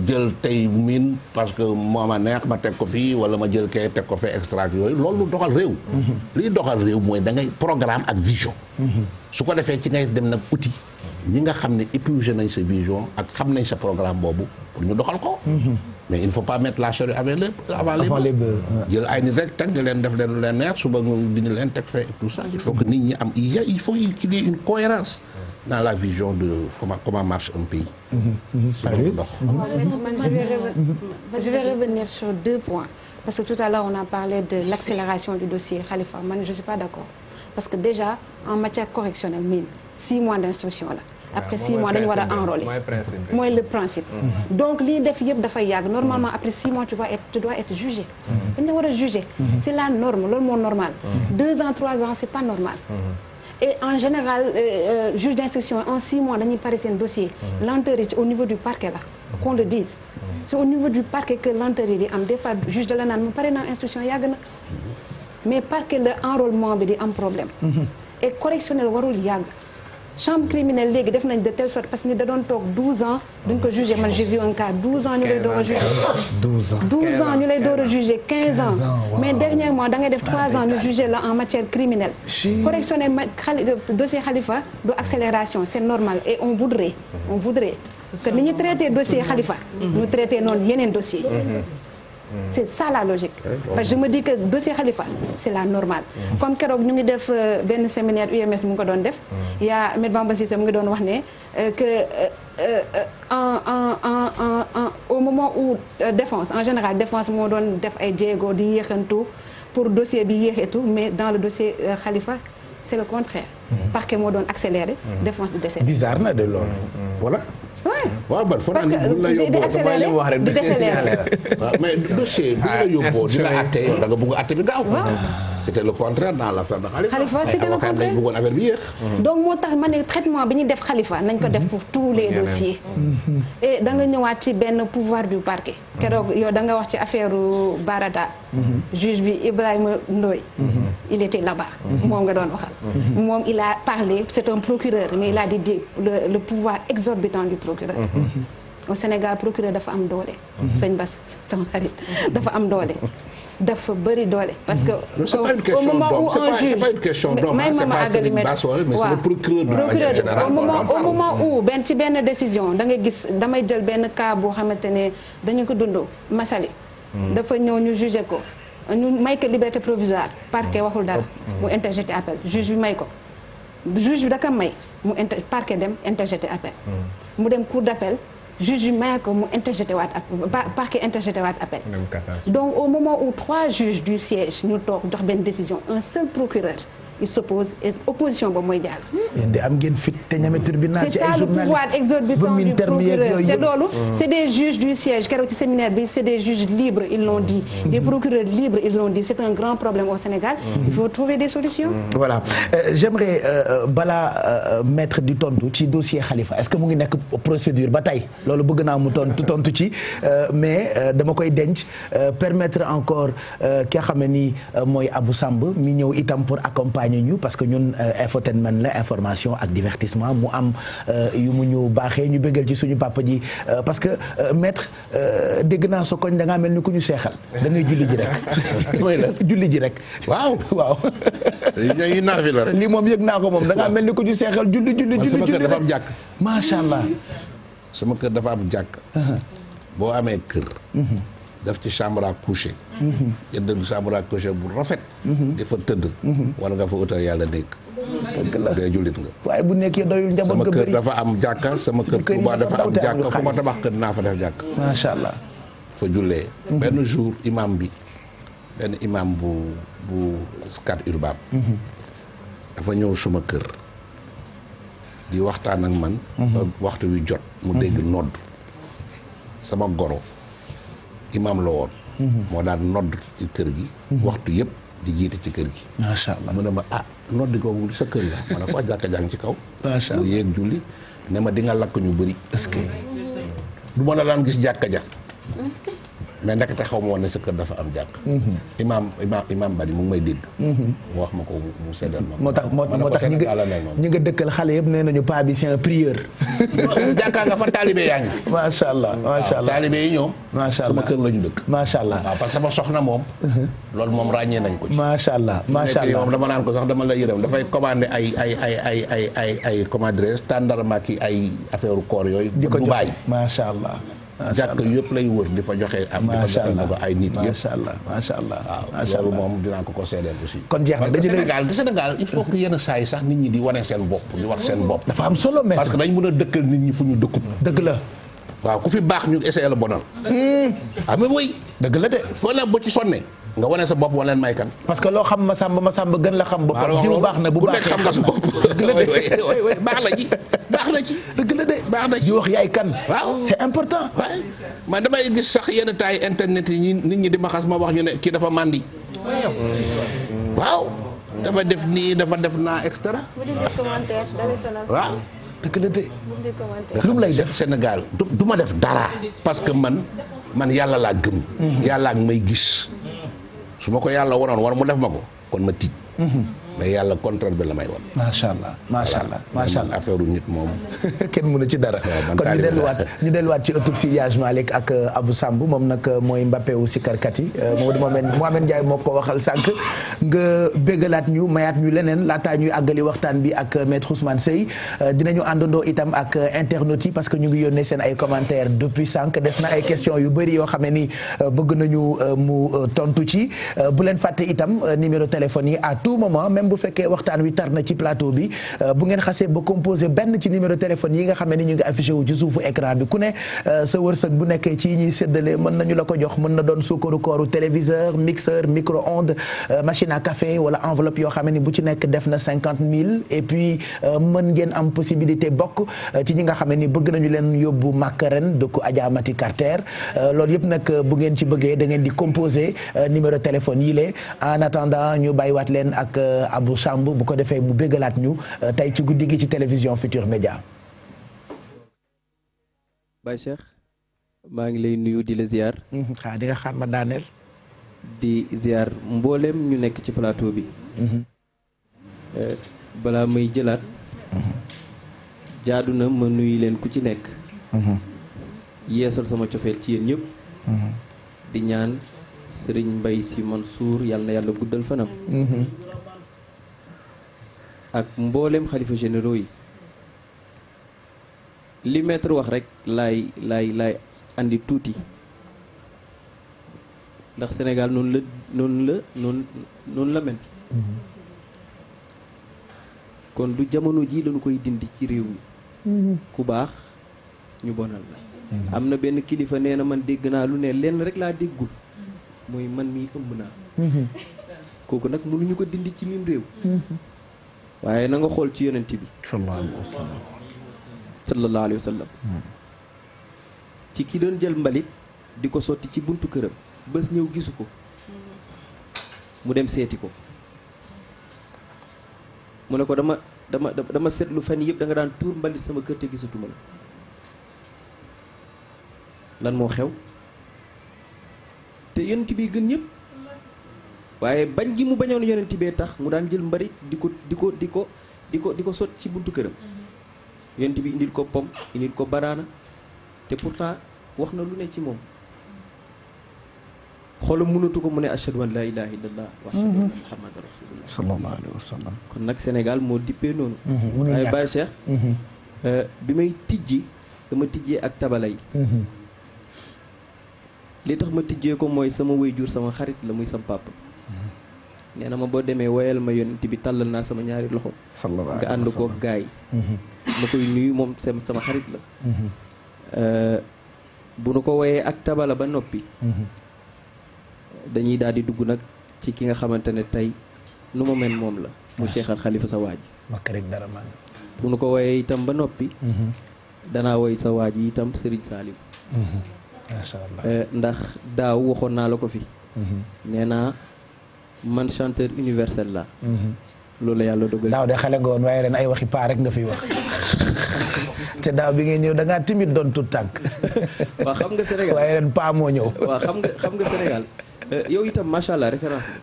jël tey miin parce que moo ma neex ma teg ko fii wala ma jël kay teg ko fee extra yooyu loolu doxal réew. liy doxal réew mooy da ngay programme ak vision. su ko defee ci ngay dem nag outil ñi nga xam ne épuisé nañ sa vision ak xam nañ sa programme boobu pour ñu doxal ko. mais il ne pas mettre la charrue avant les avant les jël ay nit rek teg di leen def leen lu leen neex suba ñu di leen teg fee tout ça il faut que nit ñi am il y a il faut dans la vision de comment, comment marche un pays. Mhm. Mhm. Paris. Je vais mhm. Parce que tout à l'heure, on a parlé de l'accélération du dossier Khalifa. Moi, je suis pas d'accord. Parce que déjà, en matière correctionnelle, mine, six mois d'instruction là. après six mois dañu war a enrôler mooy le principe donc lii def yëpp dafay yàgg normalement après six mois tu être jugé war a jugé c'est la norme loolu moo normal deux ans trois ans c'est pas normal et en général euh, euh, juge d'instruction en six mois dañuy pare seen dossier mmh. lenteur yi au niveau du parquet la mmh. qu'on le dise mmh. c'est au niveau du parquet que lenteur yi di am des fois juge da la naan mu pare naa instruction yàgg na mais parquet la enrôlement bi di am problème et correctionnel warul yàgg chambre criminelle léegi def nañ de telle sorte parce que ni da doon toog 12 ans duñ ko jugé man j'ai ans ñu lay door a jugé ans mais dernièrement da def 3 ans ñu jugé la en matière criminelle correctionnel dossier Khalifa du accélération c'est normal et on voudrait on voudrait que ni ñu traité dossier mm-hmm. Khalifa ñu mm-hmm. traité noonu yeneen dossier mm-hmm. Mm. c'est ça la logique. parce que je me dis que dossier Khalifa c'est la normal mm. comme keroog ñu ngi def euh, benn séminaire UMS mu ngi ko doon def. Mm. yaa Med Bamba Cissé mu ngi doon wax ne euh, que euh, en en en en au moment où défense en général défense moo doon def ay jéego di yéexantu pour dossier bi yéex mais dans le dossier xalifa c'est le contraire. que moo doon accéléré. défense di décès. na de loolu waaw man foo naan buñ la yóbboo damay li mu wax rek di accéléré [LAUGHS] waaw mais dossier buñ la ah, yóbboo di la atte yow da nga bugg atte bi gaaw c'était le contraire dans l'affaire de Khalifa. Khalifa c'était moo tax ma ne traitement bi ñu def Khalifa nañ ko def pour tous les dossiers. Mm-hmm. et da nga ñëwaat ci benn pouvoir du parquet. keroog mm-hmm. yow da nga wax ci affaire Barada. Mm-hmm. juge bi Ibrahima Ndoye. il était là-bas. moom nga doon waxal. moom il a parlé c'est un procureur mais il a dit le le pouvoir exorbitant du procureur. au Sénégal procureur dafa am doole. sëñ bas sama xarit dafa am doole. dafa bëri doole. parce que au moment may ma ma àggali maître waaw procureur moment au benn ci benn décision da nga gis damay jël benn cas boo xamante ne dañu ko dund masali hmm. dafa ñëw ñu jugé ko ñu may ko liberté provisoire parquet hmm. waxul dara hmm. mu interjeté appel juge bi may ko juge bi daka may mu inter parquet dem interjeté appel mu dem cour d'appel juge yu may ko mu interjeté waat parquet interjeté waat appel donc au moment où trois juges du siège ñu toog jox benn décision un seul procureur il s'oppose et opposition ba mooy jàll. yéen de am ngeen te ñame tribunal ci ay journalistes exorbitant du procureur te loolu mm. c' est du siège keroog bi mm. un grand problème au Sénégal mm. il faut trouver des solutions euh, j'aimerais euh, euh, balaa maître di tontu ci dossier Khalifa est ce que mu ngi nekk procédure ba tey loolu bëgg naa mu tontu tontu ci mais dama koy denc permettre encore ki nga xam ne ni mooy abu Samb mi ñëw itam pour accompagner accompagner ñu parce que ñun euh, infotainment la information ak divertissement mu am euh, yu mu ñu baaxee ñu bëggal ci suñu papa ji euh, parce que maître dégg naa sa koñ da ngaa mel ni ku ñu seexal da ngay julli ji rek [LAUGHS] julli ji rek waaw waaw yooyu fi la rek lii moom yëg naa ko moom da ngaa mel ni ku ñu seexal julli julli julli julli dafa am jàkk macha allah sama kër dafa am jàkk uh-huh. boo amee kër uh-huh. def ci chambre à coucher. jënd mhm. chambre à bu rafet. Mhm. di fa tëdd. Mhm. war nga fa utal yàlla dégg. dëgg la dee jullit nga. waaye bu nekkee doyul njaboot nga bëri dafa am jàkka [LAUGHS] sama kër Touba dafa am jàkka fu ma tabax kër naa fa def jàkka. macha allah. fa jullee. benn jour imam bi benn imam bu bu scat dafa ñëw suma kër. di waxtaan ak man. waxtu wi jot. mu dégg nodd sama goro. imaam la woon. Mhm. moo daan nodd ci kër gi. Mhm. waxtu yëpp di jiite ci kër gi. macha allah mu ne ma ah nodd sa kër la ma ne ko ah jàkka jàng ci kaw. macha allah mu yéeg julli ne ma dinga lakk ñu bëri. est-ce que du ma la daan gis jàkka ja. Mhm. mais ndekete xaw ma woon ne sa kër dafa am jàkk mhm. imaam imaam imaam bari mu ngi may dégg mhm. mu wax ma ko mu seddal ma moo tax moo tax ñi nga dëkkal xale yëpp nee nañu paa bi c'est un prieur [LAUGHS] jàkkaa nga fa taalibe yaa ngi macha allah macha allah taalibe yi ñoom macha allah sama kër la ñu dëkk macha allah waaw parce que sama soxna moom mhm. loolu moom ràññee nañ ko ci macha allah macha allah moom dama naan ko sax dama la yërëm dafay commandé ay ay ay ay ay ay ay comment dirais ki ay affaire koor yooyu di ko macha allah jàkk yëpp lay wër di fa joxe am di fa joxe na ko ay nit macha allah macha allah ko ko seedeel aussi kon jeex na dañu lay Sénégal de Sénégal il faut que yenn saa sax nit ñi di wane seen bopp di wax seen bopp dafa am solo mais parce que dañ mën a dëkkal nit ñi fu ñu dëkkut dëgg la waaw ku fi baax ñu essayé la bonal hmm. ah mais oui dëgg la de foo la ba ci sonne nga wane sa bopp wane leen may kan. parce que loo xam Masamba Masamba gën la xam. boppam jiw baax na bu baaxee xam na dëgg la de [LAUGHS] baax na ci baax na ci dëgg baax na ci. di wax yaay kan. waaw c'est important. waaye man damay gis sax yenn taay internet yi nit ñi di ma xas ma wax ñu ne kii dafa màndi. waaw. dafa def nii dafa def naa extra. bu dee commentaire dana waaw dëgg lay def Sénégal du def dara. parce que man man yàlla laa gëm. Mm-hmm. yàlla may gis. su ma ko yàlla waroon war mu def ma ko kon ma tiit mhm. mais yàlla contraire bi la may wan. macha allah macha allah macha allah affaire nit moom. [LAUGHS] kenn mënu ci dara. kon ñu delluwaat ñu delluwaat ci ëttub Seydi Hadji Malick ak euh, Abou Samb moom nag euh, mooy Mbappé wu sikarkat yi euh, Maodo Mohamed Ndiaye moo ko waxal sànq nga béggalaat ñu mayaat ñu leneen laataa ñuy àggali waxtaan bi ak maître Ousmane Seye dinañu àndandoo itam ak internautes yi parce que ñu ngi yónnee seen ay commentaires depuis sànq des na ay questions yu bëri yoo xam ne ni bëgg nañu mu tontu ci bu leen fàtte itam numéro téléphone yi à tout moment même bu fekkee waxtaan wi tar na ci plateau bi euh, bu ngeen xasee ba composé benn ci numéro téléphone yi nga xam ne ñu ngi affiché wu ci suufu écran bi ku ne euh, sa wërsëg bu nekkee ci ñuy séddale mën nañu la ko jox mën na doon sukkaru kooru téléviseur mixeur micro-ondes euh, machine à café wala enveloppe yoo xam ne bu ci nekk def na cinquante mille et puis mën ngeen am possibilité bokk ci ñi nga xam ni bëgg nañu leen yóbbu màkk ren dëkku Adja Mati Carter loolu yëpp nag bu ngeen ci bëggee da ngeen di composé numéro téléphone yi le en ñu bàyyiwaat leen ak Abou Samb bu ko defee mu béggalaat ñu euh, tey ci guddi gi ci télévision Futur Média. Baye Cheikh maa ngi lay nuyu di la ziar. Mm-hmm. xaa di nga xaar ma daaneel. di ziar mbooleem ñu nekk ci plateau bi. Mm-hmm. Euh, balaa may jëlaat. Mm-hmm. jaadu na ma nuyu leen ku ci nekk. yeesal sama cofeel ci yéen ñëpp. di ñaan Serigne Mbaye Sy Mansour yàlla na yàlla guddal fanam. ak mboolem xalifa généro yi li maître wax rek lay lay laay andi tuuti ndax Sénégal noonu la noonu la noonu noonu mel. kon du jamono ji lañu koy dindi ci réew mi. Mhm. ku baax ñu bonal la. Mhm. am na benn kilifa nee na man dégg naa lu ne lenn rek laa déggul mooy man mii ëmb naa. Mhm. kooku nag mënuñu ko dindi ci mim réew. waaye na nga xool ci yonent bi sallallahu alayhi wa sallam hmm. ci ki doon jël mbalit di ko sotti ci buntu këram bés ñëw gisu ko mu dem seeti ko mu ne ko dama dama dama seetlu fan yëpp da nga daan tuur mbalit sama kër te gisatuma la lan moo xew te yonent bi gën ñépp waaye bañ gi mu bañoon yonent bee tax mu daan jël mbari di ko di ko di ko di ko di ko sot ci buntu këram mm-hmm. yonent bi indil ko pom indil ko banaana te pourtant wax na lu ne ci moom xolam mënatu ko mu ne ashadu an laa ilaha illallah wa ashadu anna mm-hmm. muhammadan rasulullah sallallahu alayhi kon nag Sénégal moo dippee noonu mm-hmm. waaye Baye Cheikh euh, bi may tijji dama tijjee ak tabalay li tax ma tijjee ko mooy sama jur sama xarit la muy sam papa nee na ma boo demee woyal ma yonent bi tàllal naa sama ñaari loxo nga ànd koog gaay mhm. ma koy nuyu moom sama xarit la mhm. euh, bu nu ko woyee ak tabala ba noppi mhm. dañuy daal di dugg nag ci ki nga xamante ne tey nu ma mel moom la mu Cheikh Al sa waaj dara man bu nu ko woyee itam ba noppi danaa woy sa waaj yi itam Serigne Saliou euh, ndax daaw waxoon naa la ko fi nee man chanteur universel la mhm. loolu la yàlla dogal daaw de xale nga woon waaye ren ay waxi paa rek nga fiy wax [LAUGHS] te daaw bi ngay ñëw da ngaa timide doon tout tànk [LAUGHS] waaw xam nga Sénégal waaye ren moo ñëw waaw xam nga xam nga Sénégal euh, yow itam macha allah référence la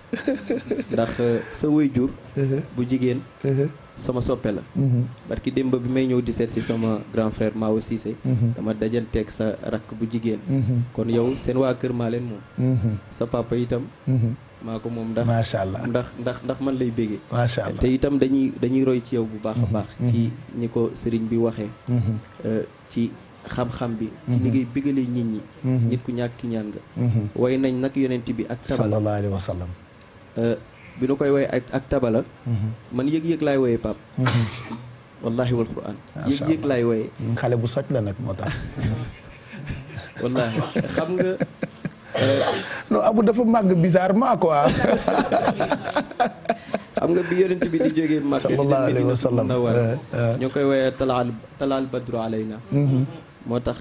ndax euh, sa waajur mhm. bu jigéen mhm. sama soppe la barki démb bi may ñëw di seet si sama grand frère Mawo Cissé dama dajanteeg sa rakk bu jigéen kon yow seen waa kër maa leen moom sa papa itam maa ko moom ndax macha allah ndax ndax ndax man lay bégee. macha allah te itam dañuy roy ci yow bu baax a mm-hmm. baax. Mm-hmm. ci ni ko sëriñ bi waxee. Mm-hmm. Euh, ci xam-xam bi. ci ni ngay bégalee nit ñi. nit ku ñàkk ñaan nga. way nañ nag yonent bi ak. tabala sallallahu alayhi wa sallam. Euh, bi nu koy woy ak tabala. man yëg-yëg laay woyee pap [LAUGHS] wallahi wal quran yëg-yëg lay woyee. xale bu soj la nag moo tax. [LAUGHS] wallahi xam nga. Euh, non Abu dafa màgg bizarrement quoi. [LAUGHS] xam nga bi yonent bi di jógee Makka sallallahu alayhi euh, euh. ñoo koy woowee talaal talaal badru alayna mm-hmm. moo tax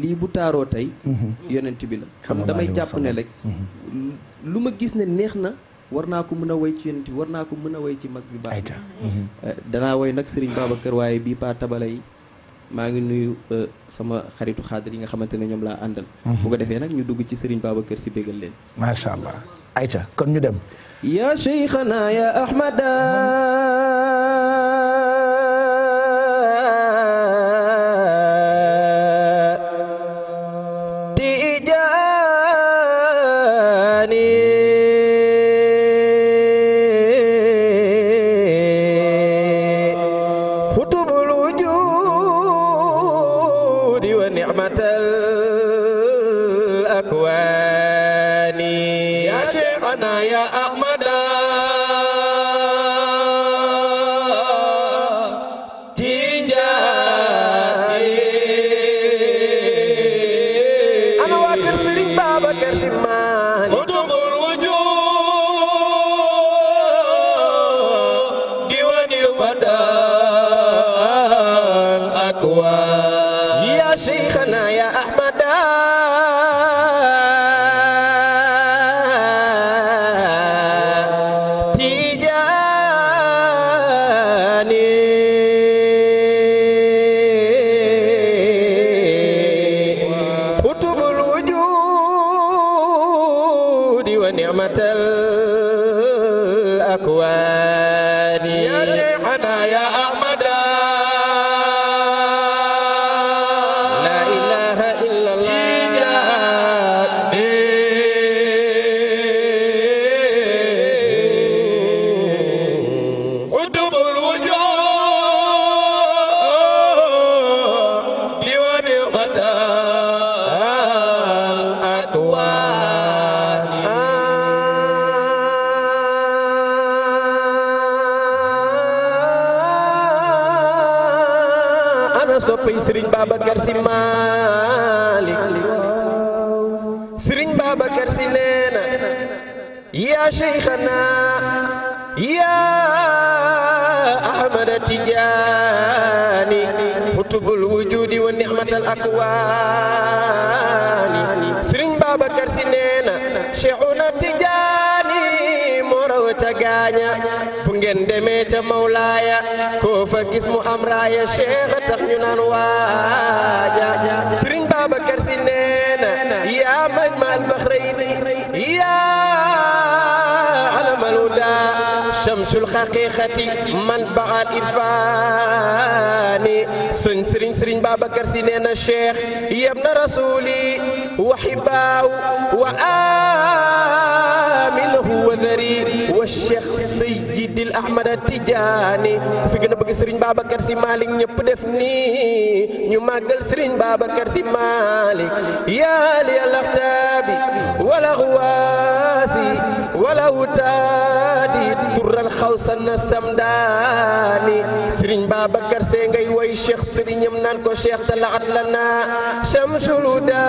lii bu taaroo tey mm-hmm. yonent bi la xam damay jàpp ne rek mm-hmm. lu ma gis ne neex na war naa ko mën a woy ci yonent bi war naa ko mën a woy ci mag bi baax danaa woy nag Serigne Babacar waaye bii paa tabala yi maa ngi nuyu euh, sama xaritu xaadir yi nga xamante ne ñoom laa àndal. Mhm. bu ko defee nag ñu dugg ci Serigne kër si bégal leen. macha allah ayca kon ñu dem. ya cheikhana ya ahmada soppay sëriñ Babacar Si Maalik sëriñ Babacar Si nee na yaa Cheikhana yaa Ahmada Tijaani xutubul wujudi wa nicmatal akwaani sëriñ Babacar Si nee na Cheikhuna Tijaani moo raw ca gaaña bu ngeen demee ca Mawlaaya koo fa gis mu am raaya Cheikh ñu naan waaja Serigne Babacar Sy nee na yaa majmal baxrayni yaa alamal huda shamsul xaqiqati man baal irfaani sëñ Serigne Serigne Babacar Sy nee na Cheikh yem na rasuli wa xibaaw wa aminahu wa dhari wa cheikh Seydil Ahmada Tidiane ku fi gën a bëgg Serigne Babacar Sy Malick ñëpp def nii ñu màggal Serigne Babacar Sy Malick yaa li alaxtaabi wala xuwaasi walaw taadi tural xawsa na samdaani sëriñ Babacar Sy ngay woy cheikh sëriñam naan ko cheikh talaat lana shamsul huda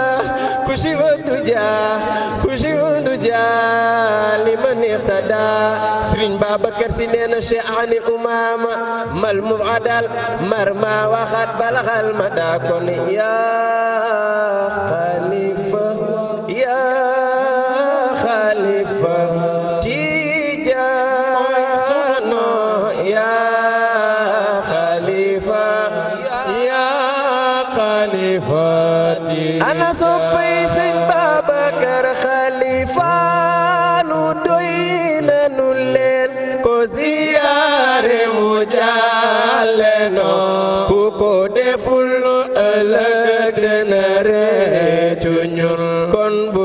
kushifa duja kushifa duja liman ihtada sëriñ Babacar adal mar ma waxat balaxal ma daa yaa kon bu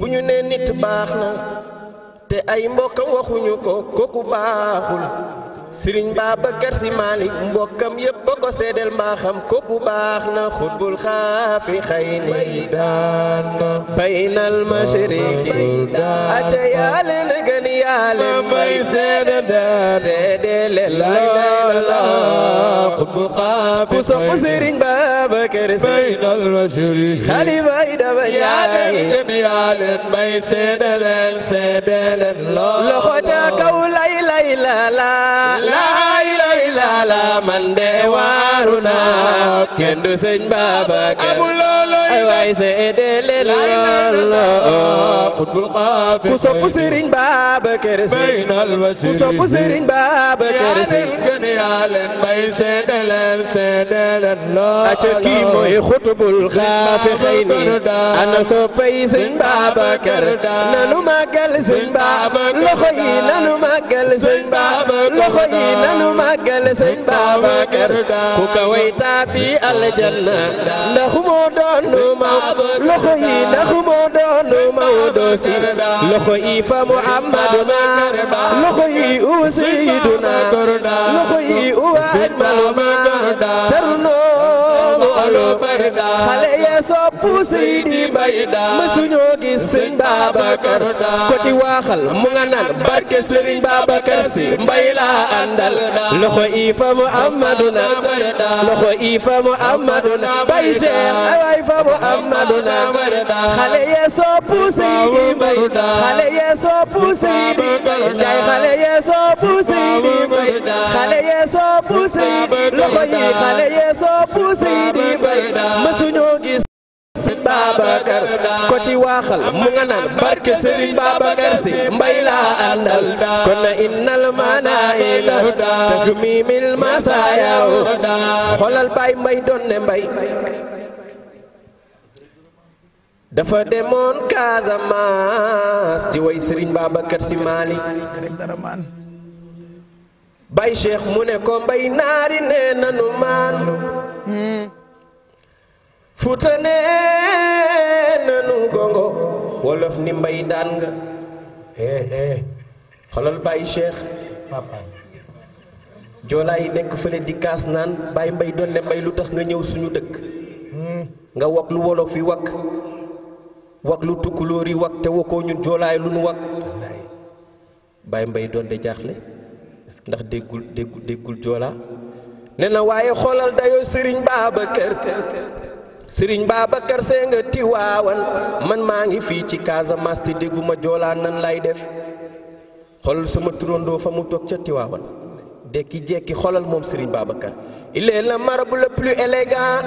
bu ñu nee nit baax na te ay mbokkam waxuñu ko kooku baaxul sëriñ Babacar Si Maalik mbokkam yépp a ko seedeel mbaaxam kooku baax na xutbul xaafi xay ni daan baynal mashriqi aca yàlla na gën yàlla may seede daan seedeele loola xutbul xaafi ku sopp Si baynal mashriqi xalifay may seede loxo ca kaw lay lay la la la taala man de waaru du sëñ Babacar ay waay seede leen loolo xutbul xaafi ku sopp sëriñ Babacar si baynal wasiri ku sopp sëriñ Babacar si gën yaa leen bay seede leen seede leen loolo aca kii mooy xutbul xaafi xëy ni ana soppay sëñ Babacar nanu màggal sëñ Babacar loxo yi nanu màggal sëñ Babacar loxo yi nanu màggal sëriñ Babacar ku ko way taati aljanna ndaxu moo doonu maw loxo yi ndaxu moo doonu yi fa maar loxo yi loolu bëri naa xale yee soppu Seydi Baye daa mësuñoo gis sëñ Babacar ko ci waaxal mu nga naan barke sëriñ Babacar si mbay laa àndal loxo ifa mu fa mu Amadu na xale yee soppu Seydi xale yee soppu yi xale yee soppu mësuñoo gis Babacar ko ci waaxal mu nga naan barke Serigne Babacar si mbay laa àndal kon na innal manaila tagmimil masayaaw xoolal baay mbay doon ne mbay dafa demoon Casamance di way Serigne Babacar si Mali bay Cheikh mu ne ko mbay naari nee nanu maan hmm. fuuta nee nanu gongo wolof ni mbay daan nga eh, eh, xolal bàyyi cheikh joolaa yi nekk fële di kaas naan bàyyi mbay doon ne mbay lu tax nga ñëw suñu dëkk hmm. nga wak lu wolof yi wak wak lu tukkulóor yi wak te wakkoo ñun joolaay lu nu wak bàyyi mbay doon de jaaxle ndax déggul déggul déggul joolaa ne waaye xoolal dayoo sëriñ Babacar sëriñ Babacar Sy nga Tiwaawan man maa ngi fii ci Casamance te dégguma joolaan nan lay def xoolal sama turandoo fa mu toog ca Tiwaawan dekki jekki xoolal moom sëriñ Babacar il est le marabout le plus élégant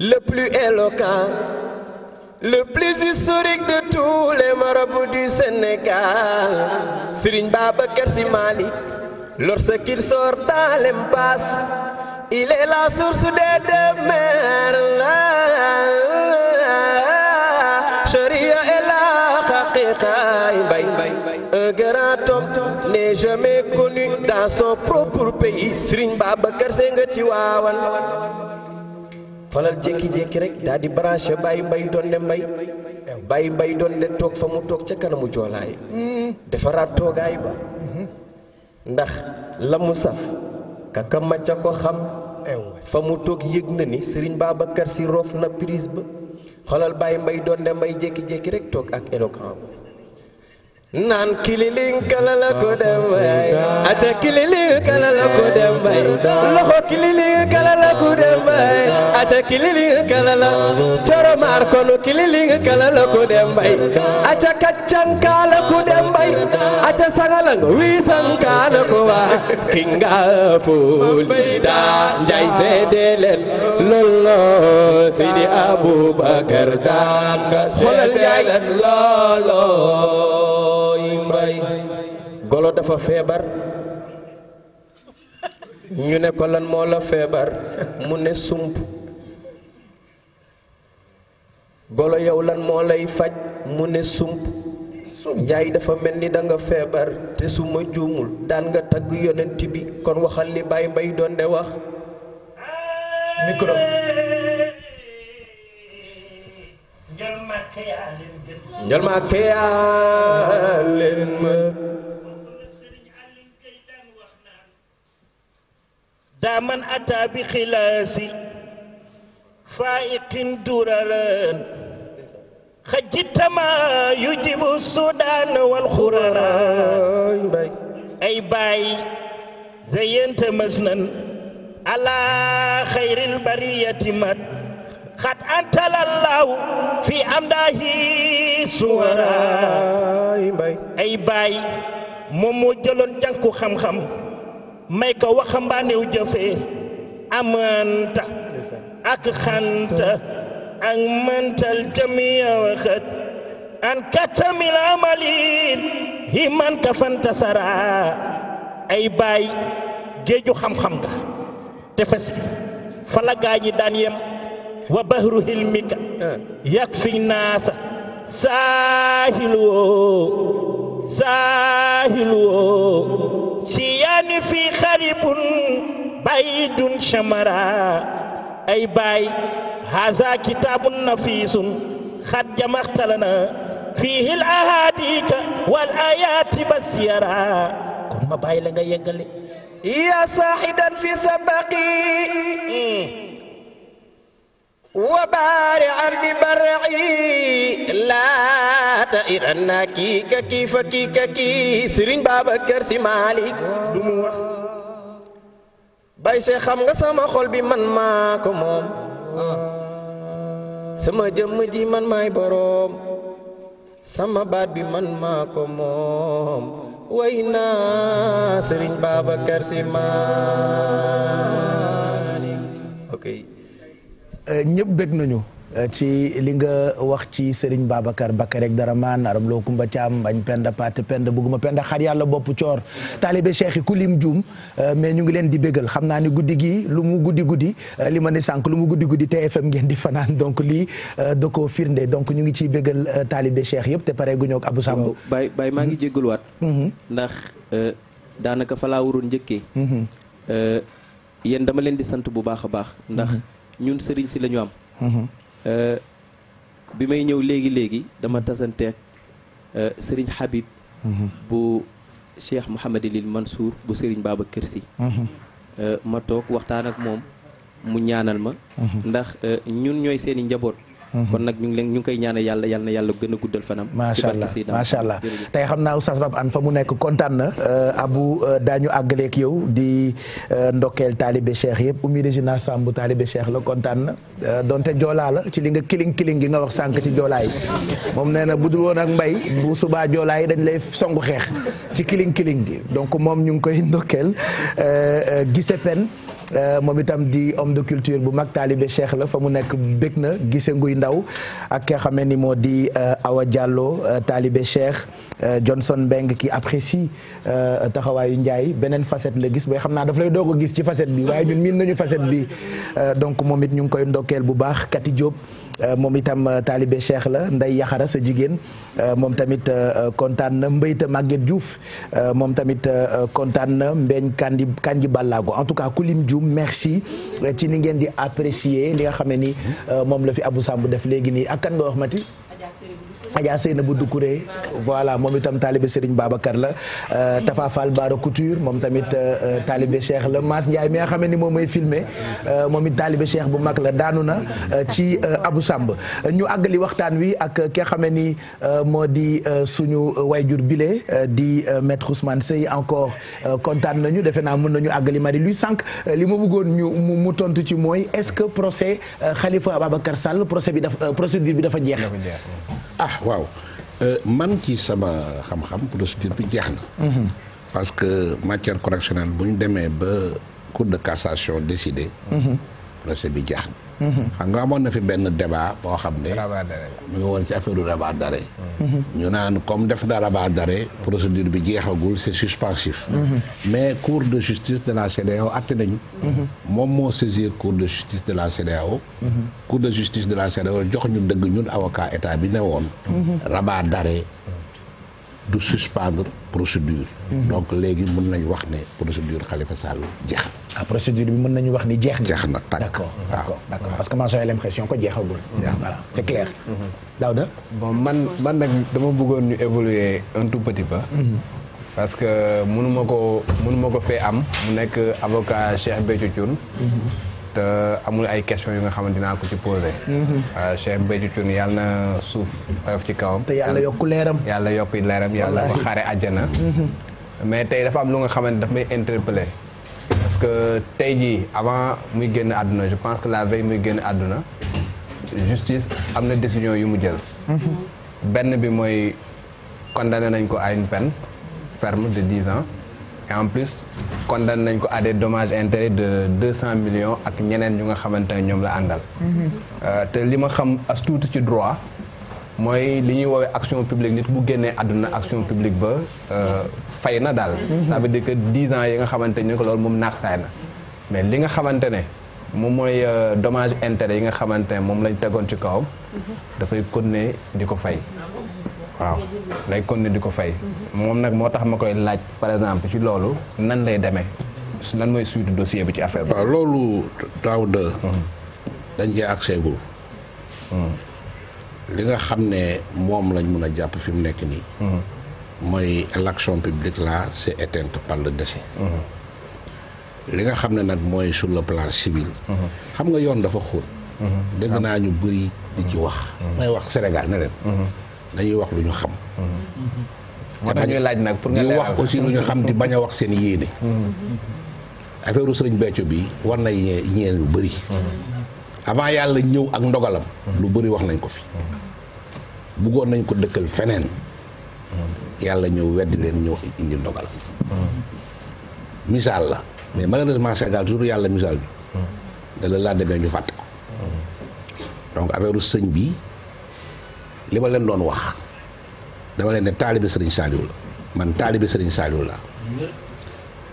le plus éloquent le plus historique de tous les marabouts du Sénégal sëriñ Babacar Sy Malick lorsqu'il sort dans l'impasse Il est la source des demeures. Sharia est la haqiqa. Un grand homme n'est jamais connu dans son propre pays. Serigne Babacar Sy nga Tiwaawan. Falal jékki-jékki rek daal di branché Baye Mbaye Donde Mbaye. Baye Mbaye Donde toog fa mu toog ca kanamu joolaay. Hmm. defaraat toogaay ba. Hmm. ndax la mu saf. kaka macca ko xam fa mu toog yëg na ni Serigne Babacar si roof na prise ba xoolal bàyyi mbay doon ne mbay jékki-jékki rek toog ak éloquent naan kililin kalala ko dem bay aca kililin kalala ko dem bay loxo kililin kalala ko dem bay aca kililin kalala coromar kono kililin kalala ko dem bay aca kaccan kala ko dem bay aca sangalang wisan kala ko wa kinga fuli da njay seedeelen lolo sidi abubakar danga seedeelen lolo golo dafa feebar ñu ne ko lan moo la feebar mu ne sump golo yow lan moo lay faj mu ne sump njaay dafa mel ni danga feebar te su ma juumul daan nga tagg yonent bi kon waxal li Baye Mbaye doon de wax micro daa man ata bi xilaasi faiqin duraran xajitama yujibu sudaan wal xurara ay baay zeyente mas nan ala xayril bariyati mat xat antalallaahu fi amdaahi suwara ay baay moom moo jëloon jànku xam-xam may ko waxambaanew jëfee amanta ak xanta ak mantal jamiya waxat an katamil amalin hi man ka ay baay géeju xam-xam nga tefes bi fa la gaañi daan yem wa bahru hilmika eh. yak naasa saahilu woo saahilu woo siyaani fii xaribun baydun shamara ay baay haza kitaabun nafiisun xad jamaxtalana fiihi l ahadika wal ayaati basiyara kon ma bàyyi la nga yeggale ya saaxidan fi sabaqi hmm. وبارع ببرعي لا تئرنا كيك كيف كيك كي سرين بابا كرسي مالك دمو wax bay Cheikh xam nga sama xol bi man maa ko moom sama jëmm ji man maay boroom sama baat bi man maa ko moom way naa Sëriñ Babacar Si Euh, ñëpp bég nañu euh, ci li nga wax ci Serigne Babacar Bakarek Daraman Arame loo Kumba Thiam bañ penda pate penda bëgguma penda xar yàlla bopp coor taalibe cheikh yi ku lim juum euh, mais ñu ngi leen di bégal xam naa ni guddi gi lu mu guddi guddi li ma ni sànq lu mu guddi guddi TFM ngeen di fanaan donc lii da koo firnde donc ñu ngi ciy bégal taalibe cheikh yëpp te pare gu ñëw ak Abou Samb bay bay maa ngi mhm. jéggaluwaat mhm. ndax daanaka fa laa waroon njëkkee mhm. yéen dama leen di sant bu baax a baax ñun sëriñ si lañu ñu am. Mm-hmm. Euh, bi may ñëw léegi léegi dama tasanteeg euh, sëriñ Habib. Mm-hmm. bu Cheikh Mouhamadulil Mansour bu sëriñ Babacar Sy. Mm-hmm. Euh, ma toog waxtaan ak moom mu ñaanal ma. ndax ñun ñooy seeni njaboot. Mm-hmm. kon nag ñu ngi leen ñu ngi koy ñaanal yàlla yàlla na yàlla gën a guddal fanam macha allah macha allah tey xam naa oustaz Pape Hann fa mu nekk kontaan na euh, abu euh, daañu àggaleeg yow di euh, ndokkeel taalibe cheikh yëpp Oumy Régina Samb taalibe cheikh la kontaan na donte joolaa la ci li nga kiling kiling gi nga wax sànq ci joolaay moom nee na bu dul woon ak mbay bu subaa joolaa yi dañ lay songu xeex ci kiling kiling gi donc moom ñu ngi koy ndokkeel gise pen Euh, moom itam di homme de culture bu mag taalibe Cheikh la fa mu nekk bëgg na gisee nguy ndaw ak ki nga xam ne ni moo di euh, Awa jàlloo euh, taalibe Cheikh Johnson Mbeng ki apprécie taxawaayu njaay beneen facette la gis boo xam naa daf lay doog a gis ci facette bi waaye ñun miin nañu facette bi donc moom it ñu ngi koy ndokkeel bu baax Kati jóob Euh, moom itam euh, taalibe Cheikh la Ndey Yaxara sa jigéen euh, moom tamit kontaan na Mbeyta Maguette Diouf moom tamit kontaan na Mbeñ Kandi Kandi Ballago en tout cas Kulim Dioum merci ci ni ngeen di apprécier li nga xam ne ni moom la fi abu Samb def léegi nii ak kan nga wax Mati na Seynabou Doucouré voilà moom itam taalibe Serigne Babacar la euh, Tafa Fall Bara Couture moom tamit euh, euh, taalibe Cheikh la Mass Ndiaye mi nga xam ni moom mooy filmé moom it taalibe Cheikh bu mag la daanu na ci abu sàmb ñu àggali waxtaan wi ak ki nga xam ni moo di suñu jur bile di maître Ousmane Seye encore kontaan nañu defe naa mën nañu àggali Marie Louise sànq li ma buggoon ñu mu tontu ci mooy est-ce que procès Khalifa Ababacar sàll procès bi dafa procédure bi dafa jeex ah, waaw euh, man ci sama xam-xam procédure bi jeex na. Mhm. parce que matière correctionnelle bu ñu demee ba cour de cassation décidé. Mhm. procès bi jeex xam nga amoon na fi benn débat boo xam ne. mu ngi woon ci affaire rabat d'arrêt. ñu naan comme def na rabat d'arrêt procédure bi jeexagul c' est suspensif. mais cour de justice de la CEDEAO atte nañu. moom moo saisir cour de justice de la CEDEAO. cour de justice de la CEDEAO jox ñu dëgg ñun avocat état bi ne woon. rabat d'arrêt du suspendre procédure. donc léegi mun nañu wax ne procédure xalifa Sall jeex na. Ah, bi mën nañu wax ni jeex na. jeex na tànk d' accord d' accord parce que man j' avais l' impression que jeexagul. voilà c' est mhm. bon man man nag dama bëggoon ñu évoluer un tout petit peu. Mhm. parce que mënu ko mënu ko fee am. mu nekk avocat Cheikh Béthio Thioune. Mhm. te amul ay question yu nga xamante dinaa ko ci posé. Mhm. Euh, Cheikh Béthio Thioune yàlla na suuf oyof ci kawam. te yàlla yokk leeram. yàlla yokk leeram yàlla ko xaare àjjana. Mhm. mais tey dafa am lu nga xamante daf may interpellé. parce que tey jii avant muy génn àdduna je pense que la veille muy génn àdduna justice am na décision yu mu jël. Mhm. benn bi mooy condamné nañ ko à une peine ferme de ans. en plus condamné nañ ko à des dommages de deux cent millions ak ñeneen ñu nga xamante ne ñoom la àndal. Euh, te li ma xam as tuuti ci droit mooy li ñuy woowee action publique nit bu génnee àdduna action publique ba euh, fay na daal. Mhm. ça veut dire que dix ans yi nga xamante ne ko loolu moom naax saay na mais li nga xamante ne. moom mooy euh, domage intérêt yi nga xamante ne moom lañ tegoon ci kawam. Mhm. dafay continuer di ko fay. waaw day continuer di ko fay. moom nag moo tax ma koy laaj par exemple ci loolu nan lay demee nan mooy suite dossier bi ci affaire bi. waaw loolu daaw de. Hmm. dañ cee accès hmm. li nga xam ne moom lañ mun a jàpp fi mu nekk nii. Hmm. mooy l'action publique la c'est éteinte par le décès. li nga xam ne nag mooy sur le plan civil. xam nga yoon dafa xóot. dégg naa ñu bëri di ci wax. mooy wax Sénégal ne dañuy wax lu ñu xam. moo tax ñuy laaj nag pour nga di wax aussi lu ñu xam di bañ a wax seen yéene. affaire sëriñ Béthio bi war na ñeen lu bëri. avant yàlla ñëw ak ndogalam. lu bëri wax nañ ko fi. buggoon nañ ko dëkkal feneen. yàlla ñëw weddi leen ñëw indi ndogalam. misaal la mais malheureusement Sénégal toujours yàlla misaal bi. da laa demee ñu fàtte ko. donc affaire sëñ bi. li ma leen doon wax dama leen ne taalibe Serigne Saliou la man taalibe sëriñ Saliou la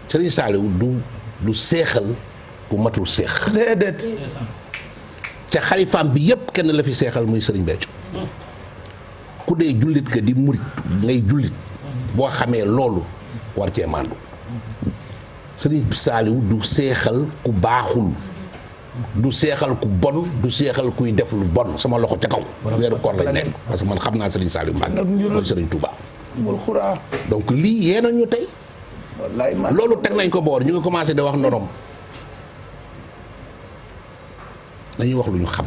Serigne Saliou du seexal ku matul seex. déedéet. xalifaam bi yépp kenn la fi seexal muy Serigne Béthio ku dee jullit ka di murit ngay jullit boo xamee loolu war cee màndu Serigne Saliou du seexal ku baaxul. du seexal ku bon du seexal kuy def lu bon sama loxo ca kaw. weeru koor lañ nekk parce que man xam naa Serigne Saliou Mbacke. mooy Serigne Touba. xura donc lii yee nañ tey. wallaay loolu teg nañ ko boor ñu ngi commencé da wax norom. dañuy wax lu ñu xam.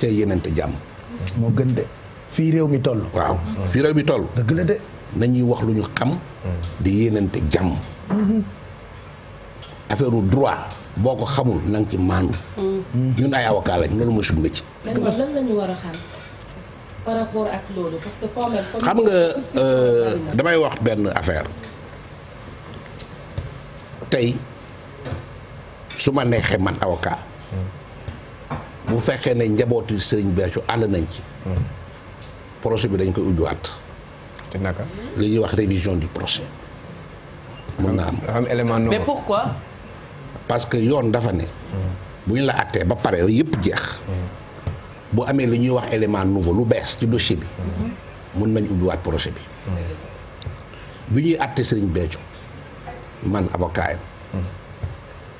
te yenente jàmm. moo gën de fii réew mi toll. waaw fii réew mi toll. dëgg la de. nañuy wax lu ñu xam. Mm. di yenente jàmm. Mm-hmm. affaire droit boo ko xamul na ci maandu. Mm. ñun ay avocat lañ loolu mooy suñu métier. lan la xam nga euh, damay wax benn affaire tey su ma neexee man avocat mm. bu fekkee ne njabootu Serigne Béthio ànd nañ ci. Mm. procès bi dañ koy ubbiwaat. te naka li ñuy wax révision du procès. mun naa am élément mais pourquoi. parce que yoon dafa ne. bu ñu la àttee ba pare yëpp jeex. bu amee li ñuy wax élément nouveau lu bees ci dossier bi. mën nañ ubbiwaat projet bi. bi ñuy àtte Serigne Béthio man avocat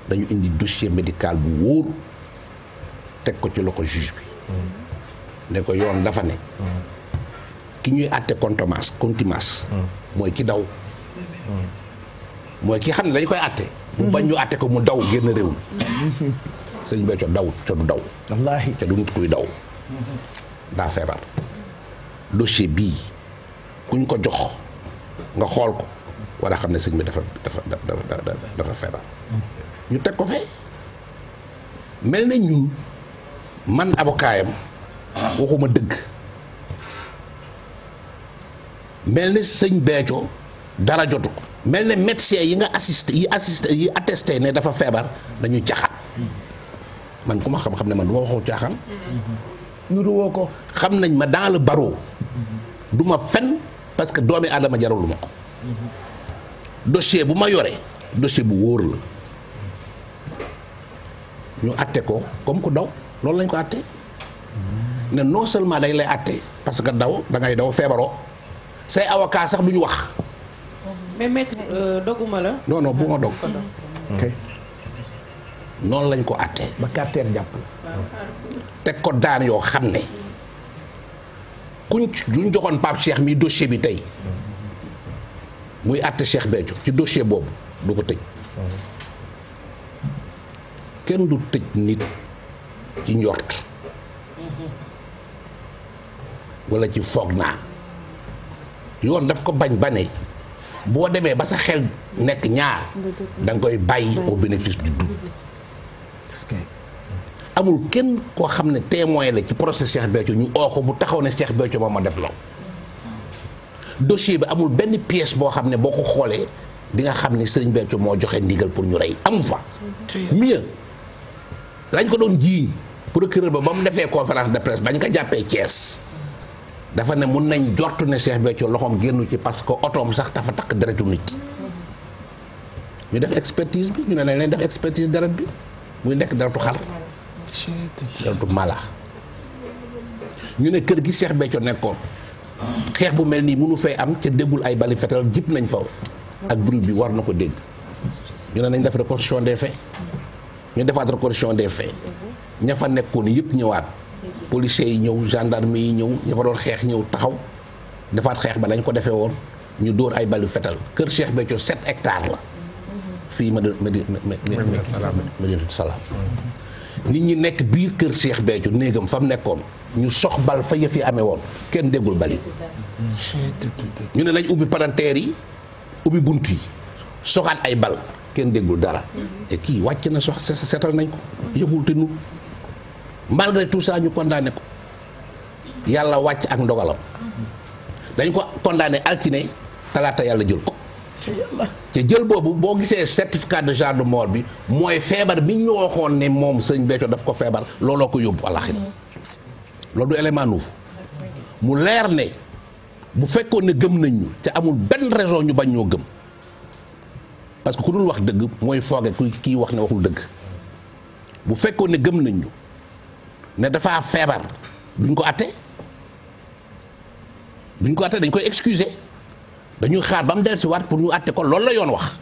dañu indi dossier médical bu wóor teg ko ci loxo juge bi. ne ko yoon dafa ne. ki ñuy àtte contumace contumace. mooy ki daw. mooy ki xam ne dañ koy àtte. mu bañ ñu àtte ko mu daw génn réew mi. sëñ Béthio daw ca du daw. wallaahi ca du nit kuy daw. daa feebar. dossier bii kuñ ko jox nga xool ko war a xam ne sëñ bi dafa dafa dafa dafa feebar. ñu teg ko fee mel na ñun man avocatam waxuma dëgg mel ni sëñ Béthio dara jotu ko. mel ne médecin yi nga assisté yi assisté yi attesté ne dafa feebar dañuy caaxaan man ku ma xam-xam ne man du ma waxoo caaxaan ñu woo ko xam nañ ma dans le barreau du ma fen parce que doomi aadama jaralu ma ko dossier bu ma yore dossier bu wóor la ñu atte ko comme ku daw loolu lañ ko atte ne non seulement dañ lay atte parce que daw da ngay daw feebaroo say avocat sax du ñu wax mais maître euh, doguma la. non bu ma dog. ok lañ ko àttee. ba quartier jàpp la. teg ko daan yoo xam ne kuñ duñ joxoon Pape Cheikh mi dossier bi tey muy àtte Cheikh Béthio ci dossier boobu du ko tëj. kenn du tëj nit ci njort. wala ci foog naa yoon daf ko bañ ba ne boo demee ba sa xel nekk ñaar da koy bàyyi au bénéfice du doute amul kenn koo xam ne témoin la ci procès Cheikh Béthio ñu oo ko bu taxaw ne Cheikh Béthio moom ma def law dossier bi amul benn pièce boo xam ne boo ko xoolee di nga xam ne Serigne Béthio moo joxe ndigal pour ñu rey amu fa mieux lañ ko doon jiiñ procureur ba ba mu defee conférence de presse bañ ko jàppee Thiès dafa ne mun nañ jortu ne Cheikh Béthio loxoom génnu ci parce que otoom sax dafa takk deretu nit ñu def expertise bi ñu ne nañ leen def expertise deret bi muy nekk deretu xar deretu mala ñu ne kër gi Cheikh Béthio nekkoon xeex bu mel nii mënu fay am ca déggul ay bali fetal jip nañ faw ak bruit bi war na ko dégg ñu ne nañ def reconstitution des faits ñu defaat reconstitution des faits ña fa nekkoon yëpp ñëwaat policiers yi ñëw gendarme yi ñëw ña fa doon xeex ñëw taxaw defaat xeex ba dañ ko defee woon ñu dóor ay balu fetal kër Cheikh Béthio set hectares la fii ma ma Médinatoul Salam nit ñi nekk biir kër Cheikh Béthio néegam fa mu nekkoon ñu sox bal fa yëf yi amee woon kenn déggul bal yi ñu ne nañ ubbi palanteer yi ubbi bunt yi soxaat ay bal kenn déggul dara te kii wàcc na sox setal nañ ko yëgul te nu malgré tout saa ñu condamné ko yàlla wàcc ak ndogalam dañ ko condamné altine talaata yàlla jël ko te jël boobu boo gisee certificat de genre de mort bi mooy feebar bi ñu waxoon ne moom sëñ Béthio daf ko feebar looloo ko yóbbu alaxira loolu du élément nouveau mu leer ne bu fekkoon ne gëm nañ ñu te amul benn raison ñu bañ ñoo gëm parce que ku dul wax dëgg mooy fooge ku kii wax ne waxul dëgg bu fekkoon ne gëm nañ ñu ne dafa feebar duñ ko atte duñ ko atte dañ koy excuser dañuy xaar ba mu si waat pour ñu atte ko loolu la yoon wax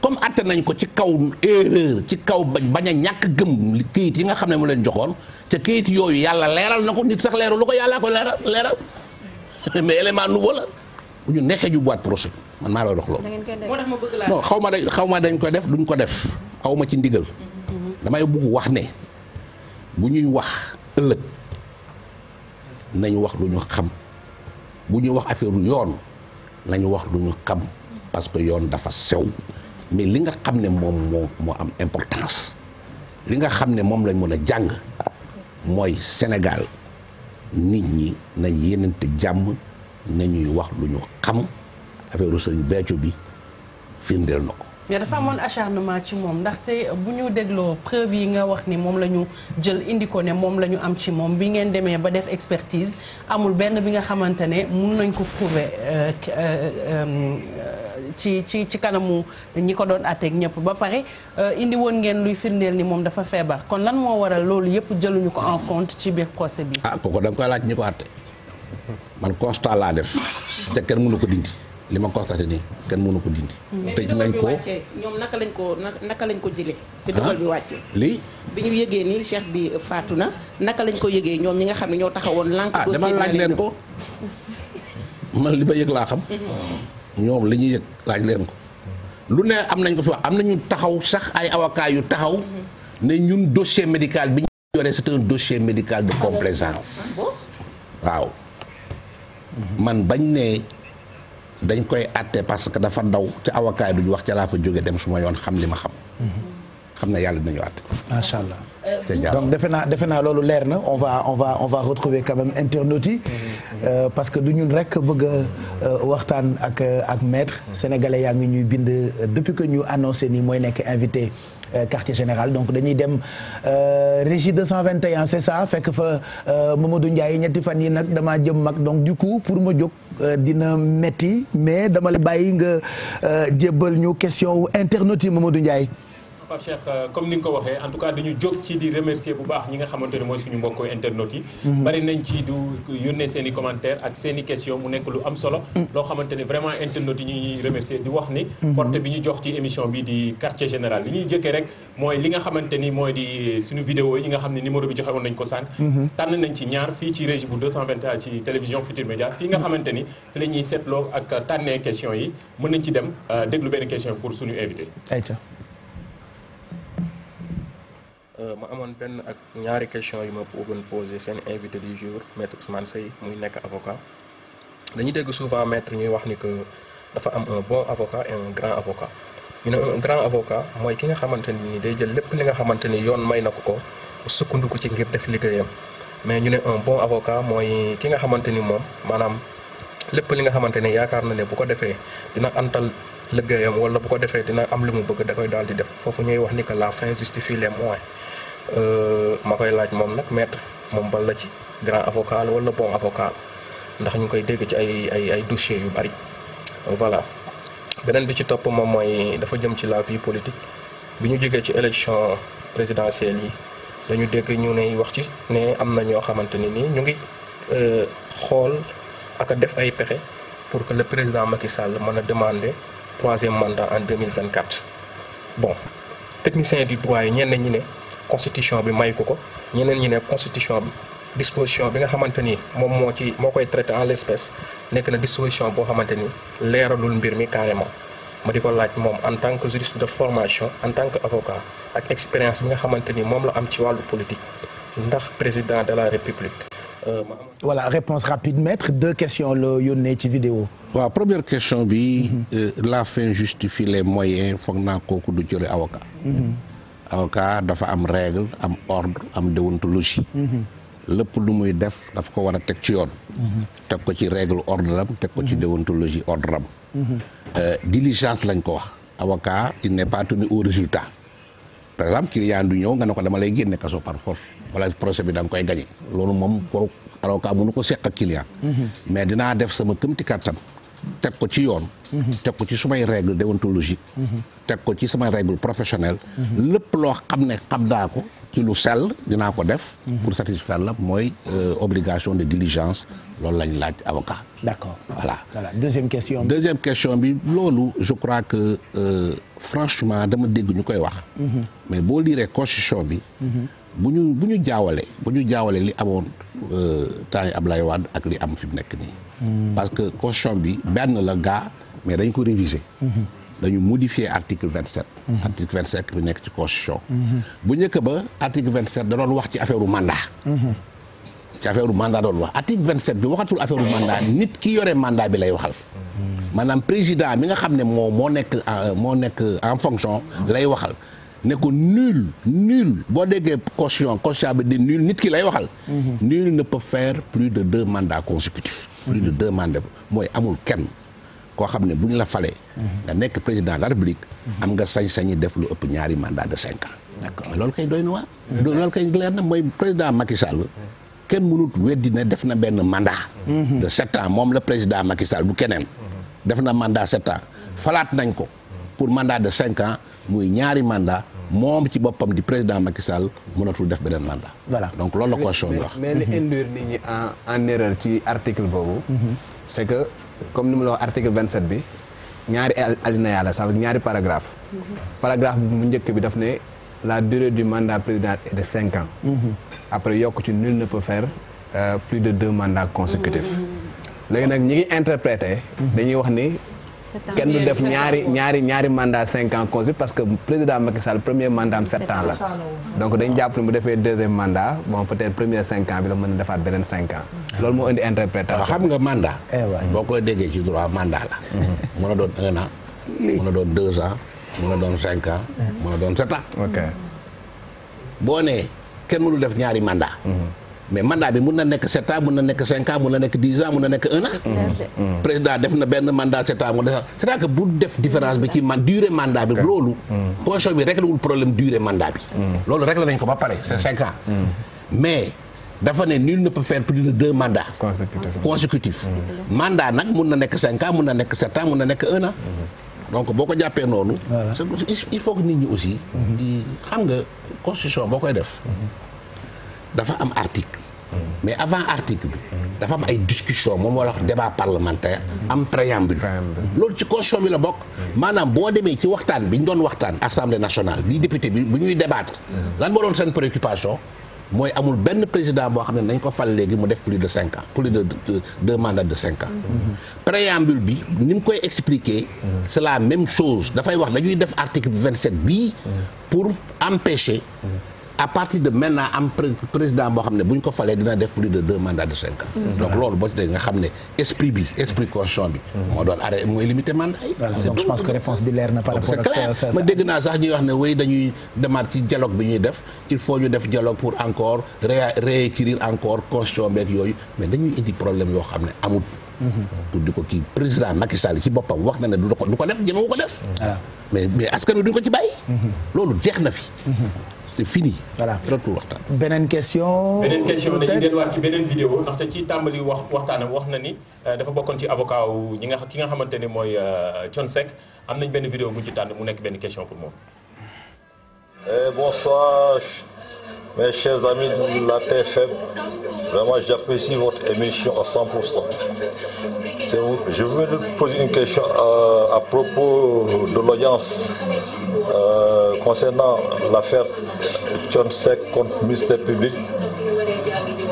comme atte nañ ko ci kaw erreur ci kaw bañ a ñàkk gëm kayit yi nga xam ne mu leen joxoon te kayit yooyu yàlla leeral na ko nit sax leeral lu ko yàllaa ko leeral leeral [LAUGHS] mais élément nouveau la bu ñu nekkee ju boîte procès man maa lay dox loolu. moo xaw ma dañ xaw dañ ko def duñ ko def xaw ma ci ndigal. Mm-hmm. damay bugg wax ne. bu ñuy wax ëllëg nañu wax lu ñu xam bu ñuy wax affaire yoon nañu wax lu ñu xam parce que yoon dafa sew mais li nga xam ne moom moo am importance li nga xam ne moom lañ mën a jàng mooy Sénégal nit ñi nañ yenente jàmm nañuy wax lu ñu xam affaire Sëriñ Béthio bi firndeel na ko mais dafa amoon acharnement ci moom ndaxte bu ñu dégloo preuve yi nga wax ni moom la ñu jël indi ko ne moom la ñu am ci moom bi ngeen demee ba def expertise amul benn bi nga xamante ne mun nañ ko prouver euh, euh, euh, ci ci ci kanamu ñi ko doon àtteeg ñëpp ba pare indi woon ngeen luy firndeel ni moom dafa feebar kon lan moo waral loolu yëpp jëluñu ko en compte ci biir procès bi. ah kooku da nga koy laaj ñi ko àtte man constat laa def te kenn mënu ko dindi. li ma constaté nii kenn mënu ko dindi. tëj ko mais ñoom lañ ko naka lañ ko jëlee. te dogal bi ah? wàcce. lii bi ñu yëgee nii cheikh bi euh, faatu na naka lañ ko yégee ñoom ñi nga xam ne ñoo taxawoon. lànk dossier bi ah leen ko [LAUGHS] man li ma yëg laa xam. ñoom li ñuy yëg laaj leen ko. lu ne am nañ ko fi wax am nañu taxaw sax ay avocats yu taxaw ne ñun dossier médical bi ñu yoree c'est un dossier médical de ah, complaisance ah, waaw man bañ ne. dañ koy àtte parce que dafa ndaw ci avocat duñu wax ca laa fa jóge dem suma yoon xam li ma xam xam na yàlla dinañu àtte macha allah donc defe naa defe naa loolu leer na on va on va on va retrouver quand même euh, parce que du ñun rek bëgg euh, waxtaan ak ak maître sénégalais yaa ngi ñuy bind depuis que ñu annoncé nii mooy nekk invité Euh, quartier général donc dañuy dem euh, cent vingt 221 c'est ça fekk fa euh, Mamadou Ndiaye ñetti fan yi nag damaa jëm mag donc du coup pour ma jóg dina metti mais dama la bàyyi nga jébbal ñu question wu internautes yi Mamadou Ndiaye. Pape Cheikh euh, comme ni nga ko waxee en tout cas dañu jóg ci di remercier bu baax ñi nga xamante ne mooy suñu mbokku internautes yi. Mhm. bari nañ ci du yónnee seen i commentaires ak seen i questions mu nekk lu am solo. Mhm. loo xamante ne vraiment internautes yi ñuy remercier di wax ni. Mhm. porte bi ñu jox ci émission bi di quartier général li ñuy jëkkee rek mooy li nga xamante ni mooy di suñu vidéo yi nga xam ne numéro bi joxe nañ ko sànq. tànn nañ ci ñaar fii ci régie bu 221 ci télévision Futur Média fii nga xamante ni fi la ñuy seetloo ak tànnee questions yi mën nañ ci dem euh, déglu benn question pour suñu invité. Euh, ma amoon benn ak ñaari question yu ma bëggoon posé seen invité du jour maître Ousmane Seye muy nekk avocat dañuy dégg souvent maître ñuy wax ni que dafa am un bon avocat et un grand avocat ñu ne un grand avocat mooy ki nga xamante ni day jël lépp li nga xamante ni yoon may na ko ko sukkandiku ci ngir def liggéeyam mais ñu ne un bon avocat mooy ki nga xamante ni moom maanaam lépp li nga xamante ni yaakaar na ne bu ko defee dina antal liggéeyam wala bu ko defee dina am lu mu bëgg da koy daal di def foofu ñuy wax ni que la fin justifie les moyens Euh, ma koy laaj moom nag maître moom bal la ci grand avocat la wala bon avocat la ndax ñu koy dégg ci ay ay ay yu bari voilà beneen bi ci topp moom mooy dafa jëm ci la vie politique bi ñu jógee ci élection présidentielle yi dañu dégg ñu ne wax ci ne am na ñoo xamante ni nii ñu ngi euh, xool ak a def ay pexe pour que le président Macky Sall mën a demander troisième mandat en 2024 bon technicien du droit yi ñenn ñi ne constitution bi mayu ko ko ñeneen ñi ne constitution bi disposition bi nga xamante ni moom moo ci moo koy traité en l'espèce nekk na disposition boo xamante ni leeralul mbir mi carrément ma di ko laaj moom en tant que juriste de formation en tant que avocat ak expérience bi nga xamante ni moom la am ci wàllu politique ndax président de la république. Euh, voilà réponse rapide maître deux questions la yónnee ci vidéo waaw première question bi. Mhm. Euh, la fin justifie les moyens foog naa kooku du jëlee avocat. Mhm. avocat dafa am règle am ordre am déontologie mm-hmm. lépp lu muy def daf ko war teg ci yoon mm-hmm. teg ko ci règle ordre am teg ko ci mm-hmm. déontologie ordre am euh, diligence lañ ko wax avocat il n'est pas tenu au résultat par exemple client du ñëw nga ne ko dama lay génne kaso par force wala procès bi da koy gagné loolu moom ko avocat mënu ko seq ak client mais dinaa def sama këmti kàttan teg ko ci yoon. teg ko ci sumay règle déontologique. teg ko ci samay règle professionnelle. lépp loo xam ne xam naa ko ci lu sell dinaa ko def. pour satisfaire la mooy euh, obligation de diligence loolu lañ laaj avocat. d'accord voilà. voilà deuxième question. deuxième question bi loolu je crois que euh, franchement dama dégg ñu koy wax. mais boo liiree constitution bi. bu ñu bu ñu bu ñu jaawalee li amoon euh, temps yi Ablaye Wade ak li am fi mu nekk nii. Mm. parce que constitution bi benn la gaa mais dañ ko réviser mm-hmm. dañu modifier article vingt sept mm-hmm. article vingt sept bi nekk ci constitution mm-hmm. bu njëkk ba article vingt sept da doon wax ci affaire u mandat ci affaire u mandat doon wax article vingt sept bi waxatul affaire u mandat nit ki yore mandat bi lay waxal maanaam président bi nga xam ne moo moo nekk euh, moo nekk en fonction lay waxal ne nul nul boo déggee caution caution bi di nul nit ki lay waxal nul ne de deux mandats plus de deux mandats mooy amul kenn koo xam ne bu la falee nga nekk président de la république am nga sañ-sañi def lu ëpp ñaari mandat de cinq ans d'accord loolu kay doy na waar lool kay leer na mooy président Macky Sall kenn mënut weddi ne def na benn mandat mhm. de sept ans moom la président Macky Sall du keneen mhm. def na mandat sept ans falaat nañ ko pour mandat de cinq ans muy ñaari mandat moom ci boppam di président Macky Sall mënatul def beneen mandat. voilà donc loolu la question bi wax. mais li mhm. induire ñi en erreur ci article boobu. Mhm. c' que comme ni la wax article vingt sept bi ñaari alinéa la yàlla veut dire ñaari paragraphe. Mhm. paragraphe bi mu njëkk bi daf ne la durée du mandat président est de cinq ans. après yokk ci nul ne peut faire euh, plus de deux mandats consécutifs. léegi nag ñi ngi interprété. dañuy wax ni. kenn du def ñaari ñaari ñaari mandat cinq ans consul parce que président Macky Sall premier mandat am sept la donc dañ jàpp mu defee deuxième mandat bon peut-être premier cinq ans bi la mën a defaat beneen cinq ans mm-hmm. loolu moo indi interprétation ah, xam nga mandat eh mm-hmm. boo koy déggee ci droit mandat la mm-hmm. mën a doon un an mën a doon deux ans mën a doon cinq ans eh. mën a doon sept ans boo nee kenn mënul def ñaari mandat mais mandat bi mun na nekk sept ans mun na nekk cinq mun na nekk dix ans mun nekk un an. Mm. def na benn mandat sept ans mu bu def différence bi ci man durée mandat bi loolu. constitution mm. bi réglewul problème durée mandat bi. Mm. loolu réglé nañ ko ba pare c'est mais dafa ne nul ne peut faire plus de deux mandats. consécutifs consécutifs. mandat nag mun na nekk cinq mun na nekk sept ans mun nekk un an. donc boo ko jàppee noonu. il faut que nit ñi aussi. Mm-hmm. di xam nga constitution boo koy def. Mm-hmm. dafa am article. mais avant article bi dafa am ay discussion moom moo la wax débat parlementaire am préambule loolu ci constitution bi la bokk maanaam boo demee ci waxtaan bi ñu doon waxtaan assemblée nationale di député bi bu ñuy débattre lan moo doon seen préoccupation mooy amul benn président boo xam ne nañ ko fal léegi mu def plus de cinq ans plus de deux mandats de cinq ans préambule bi ni mu koy expliquer c'est la même chose dafay wax dañuy def article vingt sept bii pour empêcher à partir de maintenant am président boo xam ne bu ñu ko falee dina def plus de deux mandats de cinq ans. Mm. donc loolu boo ci dégg nga xam ne esprit bi esprit caution bi. Mm. moo doon arrêt mooy limité mandat yi. donc je pense que réponse bi leer na par rapport ak ma dégg naa sax ñuy wax ne wéy dañuy demaat ci dialogue bi ñuy def il faut ñu def dialogue pour encore réécrire encore constitution beeg yooyu mais dañuy indi problème yoo xam ne amul. Mm-hmm. pour di ko kii président Macky Sall ci boppam wax na ne du ko du ko def jëmewu ko def. mais mais askan ko ci bàyyi. Mm-hmm. loolu jeex na fi. Mm-hmm. c'est fini. voilà retour waxtaan. beneen question. beneen question dañuy delluwaat ci beneen vidéo ndaxte ci tàmbali wax waxtaanam wax na ni euh, dafa bokkoon ci avocat wu ñi nga ki nga xamante ne mooy Thione euh, Seck am nañ benn vidéo bu ci tànn mu nekk benn question pour moom. Eh, bonsoir. Mes chers amis de la TFM, vraiment j'apprécie votre émission à 100%. Je veux poser une question à, euh, à propos de l'audience euh, concernant l'affaire John Sec contre ministère public.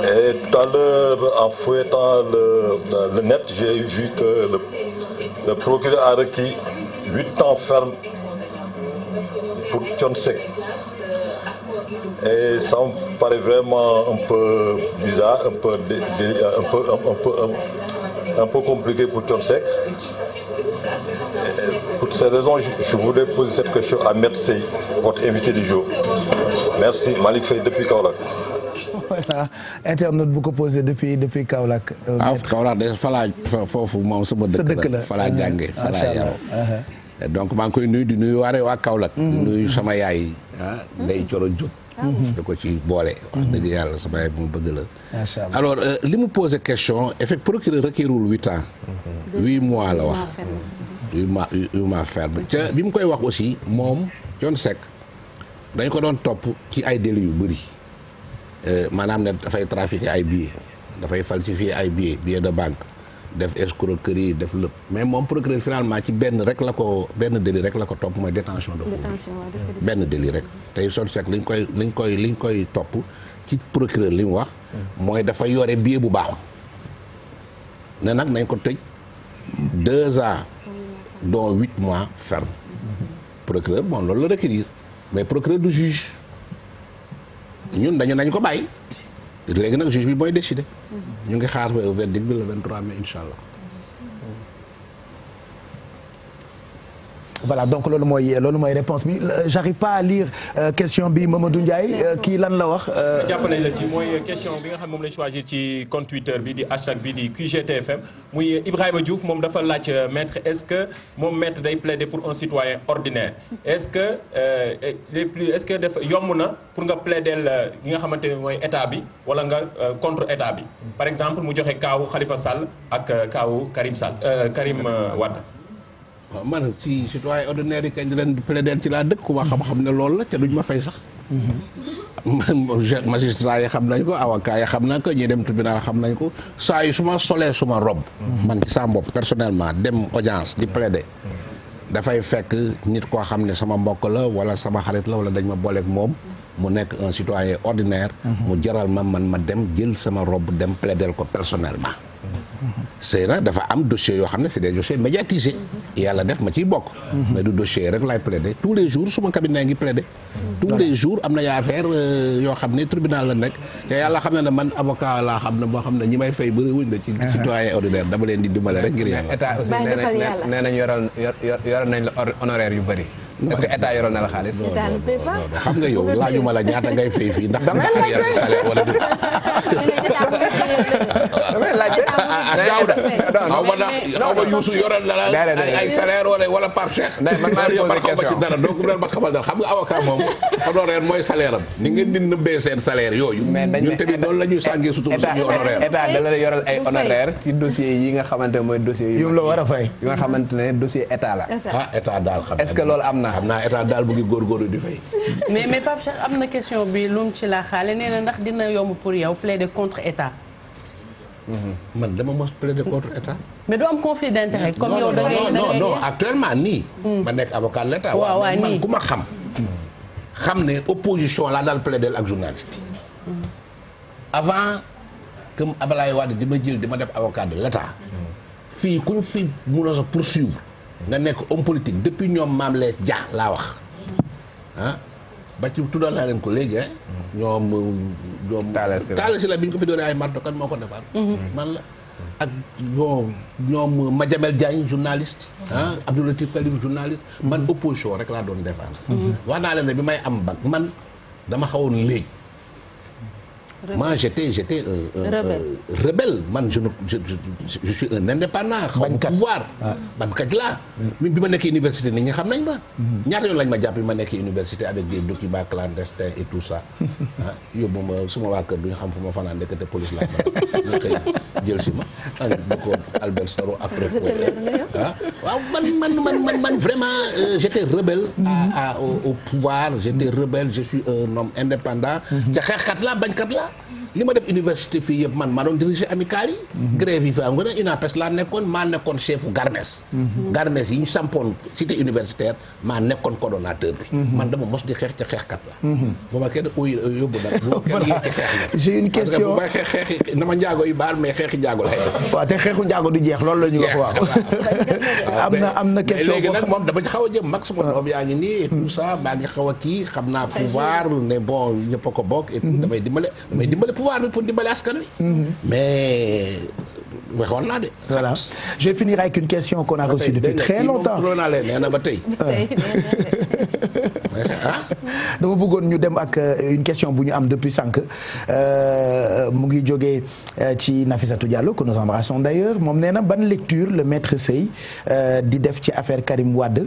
Et tout à l'heure, en fouettant le, le, le net, j'ai vu que le, le procureur a requis 8 ans ferme pour John Sec. et ça vraiment un peu bizarre, un peu, un peu, un peu, un peu compliqué pour Thione Pour ces raisons, je voudrais poser cette question à Merci, votre invité du jour. Merci, Malick Faye depuis Kaolack. voilà internaute bu ko posé depuis depuis Kaolack. Euh, ah Kaolack de Fala foofu moom sama dëkk la Fala ah, jànge Fala yaw ah, ah. donc maa ngi koy nuyu di nuyu waare waa Kaolack. di mm-hmm. nuyu sama yaay mm-hmm. Mm-hmm. da ko ci boole. wax mm-hmm. dëgg yàlla sa ba bu mu bëgg la. macha alors euh, li mu posé question effet procureur requérul huit ans. Mm-hmm. huit mois la wax. huit mois ca bi mu koy wax aussi moom Thione Seck dañ ko doon topp ci ay délits yu bëri euh, maanaam ne dafay trafiquer ay billets dafay falsifier ay bi billets de banque. def escroquerie def lépp mais moom procureur finalement ci benn rek la ko benn délit rek la ko topp mooy détention de fou benn délit rek tey Sone Seck liñ koy liñ koy liñ koy topp ci procureur li mu wax mooy dafa yore billet bu baaxul ne nag nañ ko tëj deux ans dont huit mois ferme procureur moom loolu la requérir mais procureur du juge ñun dañu nañ ko bàyyi léegi nag juge bi mooy décidé. ñu ngi xaar verdict bi le 23 mai incha allah. voilà donc loolu mooy loolu mooy réponse bi euh, j'arrive pas à lire euh, question bi Mamadou Ndiaye euh, kii lan la wax. jàppale la ci mooy question bi nga xam moom lañ choisir ci compte Twitter bi di hashtag bi di QGTFM muy Ibrahima Diouf moom dafa laaj maître est-ce que moom maître day plaider pour un citoyen ordinaire est-ce que les plus est-ce que dafa yomb na pour nga plaider ñi nga xamante ne mooy état bi wala nga contre état bi par exemple mu joxe kaaw Khalifa Sall ak kaaw Karim Sall Karim Wade. waaw man ci citoyen ordinaire yi kañ leen plaider ci laa dëkk ku ma xam-xam ne loolu la te duñ ma fay sax. Mm-hmm. [LAUGHS] magistrat yi xam nañ ko avocat yi xam nañ ko ñi dem tribunal xam nañ ko saa yu su ma solee suma ma mm-hmm. man ci sama bopp personnellement dem audience di plaider. Mm-hmm. dafay fekk nit koo xam ne sama mbokk la wala sama xarit la wala dañ ma booleek moom mu nekk un citoyen ordinaire. mu jaral ma man ma dem jël sama rob dem plaider ko personnellement. sëy nag dafa am dossier yoo xam ne c'est des dossiers médiatisés yàlla def ma ciy bokk mais du dossier rek laay plaider tous les jours suma cabinet ngi plaider tous les jours am na ay euh, yoo xam ne tribunal la nekk te yàlla xam ne ne man avocat laa xam ne boo xam ne ñi may fay bëri wuñ la ci citoyen ordinaire dama leen di dimbale rek ngir yàlla état aussi nee nañ yoral yoral nañ la honoraire yu bëri est-ce que état yoroon na la xaalis xam nga yow la ngay fay fii ndax wala [LAUGHS] ay salaire wala wala par cheikh. man maa ngi posé question ci dara donc bu ma xamal dara xam nga avocat moom honoraire mooy salaire am. ni ngeen di nëbbee seen salaire yooyu. ñun tamit suñu honoraire. état da la yoral honoraire mooy dossier la war a fay yu nga xamante ne dossier état la. ah état daal xam est-ce que loolu am na. xam naa daal bu ngi góorgóorlu di fay. mais mais Pape Cheikh am na question bi lu mu ci laaxaale nee na ndax Mm-hmm. man dama mos plaider contre état. mais du am conflit d'intérêt comme yow da ngay actuellement nii. Mm. ma nekk avocat de l'état. waaw waaw man ku ma xam. xam ne opposition laa daal plaider ak journaliste. Mm. avant que Ablaye Wade di ma jël di ma def avocat de l'état. fii ku fi mun sa poursuivre. nga nekk homme politique depuis ñoom Mame Less Dia laa wax ah? ba ci tuddal naa leen ko léegi ñoom ñoom taala si la bi ñu ko fi doonee ay marto kan ko defar mhm. man la ak bon ma Madiambel Diagne journaliste ah Abdou Latif Coulibaly journaliste man opposition rek laa doon défendre mhm. wax naa leen ne bi may am bac man dama xawoon léegi moi j'étais te euh, rebelle. Euh, man je je, je je suis un indépendant. bañkat pouvoir ah. bañkat laa. même bi ma nekkee université nit ñi xam nañ ma. Mm-hmm. ñaata lañ ma jàpp ma nekkee université avec des documents clandestins et tout ça. [LAUGHS] ah yóbbu ma suma waa kër xam fu ma fanaan ndekete police la si ma. ah du ko Albert vraiment j'étais rebelle. à mm-hmm. au pouvoir j'étais indépendant. Mm-hmm. ca xeexkat laa bañkat li ma def université fii yëpp man maa doon dirigé amical yi. Mhm. grève yi fa am nga ne UNAPES laa nekkoon maa nekkoon chefu mhm. mhm. di xeex ci xeexkat na ma njaago yi baal mais xeexi njaago lay doon. waaw te xeexu du jeex la ñu wax [LAUGHS] na am na question léegi nag moom dama a jëm mag sama doom yaa ngi nii. tout ça baa ngi xaw a kii xam naa pouvoir ne bon ñëpp a ko bokk. et tout damay dimbale damay dimbale pouvoir bi pour mhm. mais waxoon naa de. voilà je vais finir avec une question qu'on a reçue depuis très longtemps ba tey [LAUGHS] ah? dama bëggoon ñu dem ak euh, une question bu ñu am depuis cinq euh, mu ngi jógee euh, ci Nafisatou Diallo que nous embrassons d'ailleurs moom nee na ban lecture le maître Sey di def ci affaire Karim Wade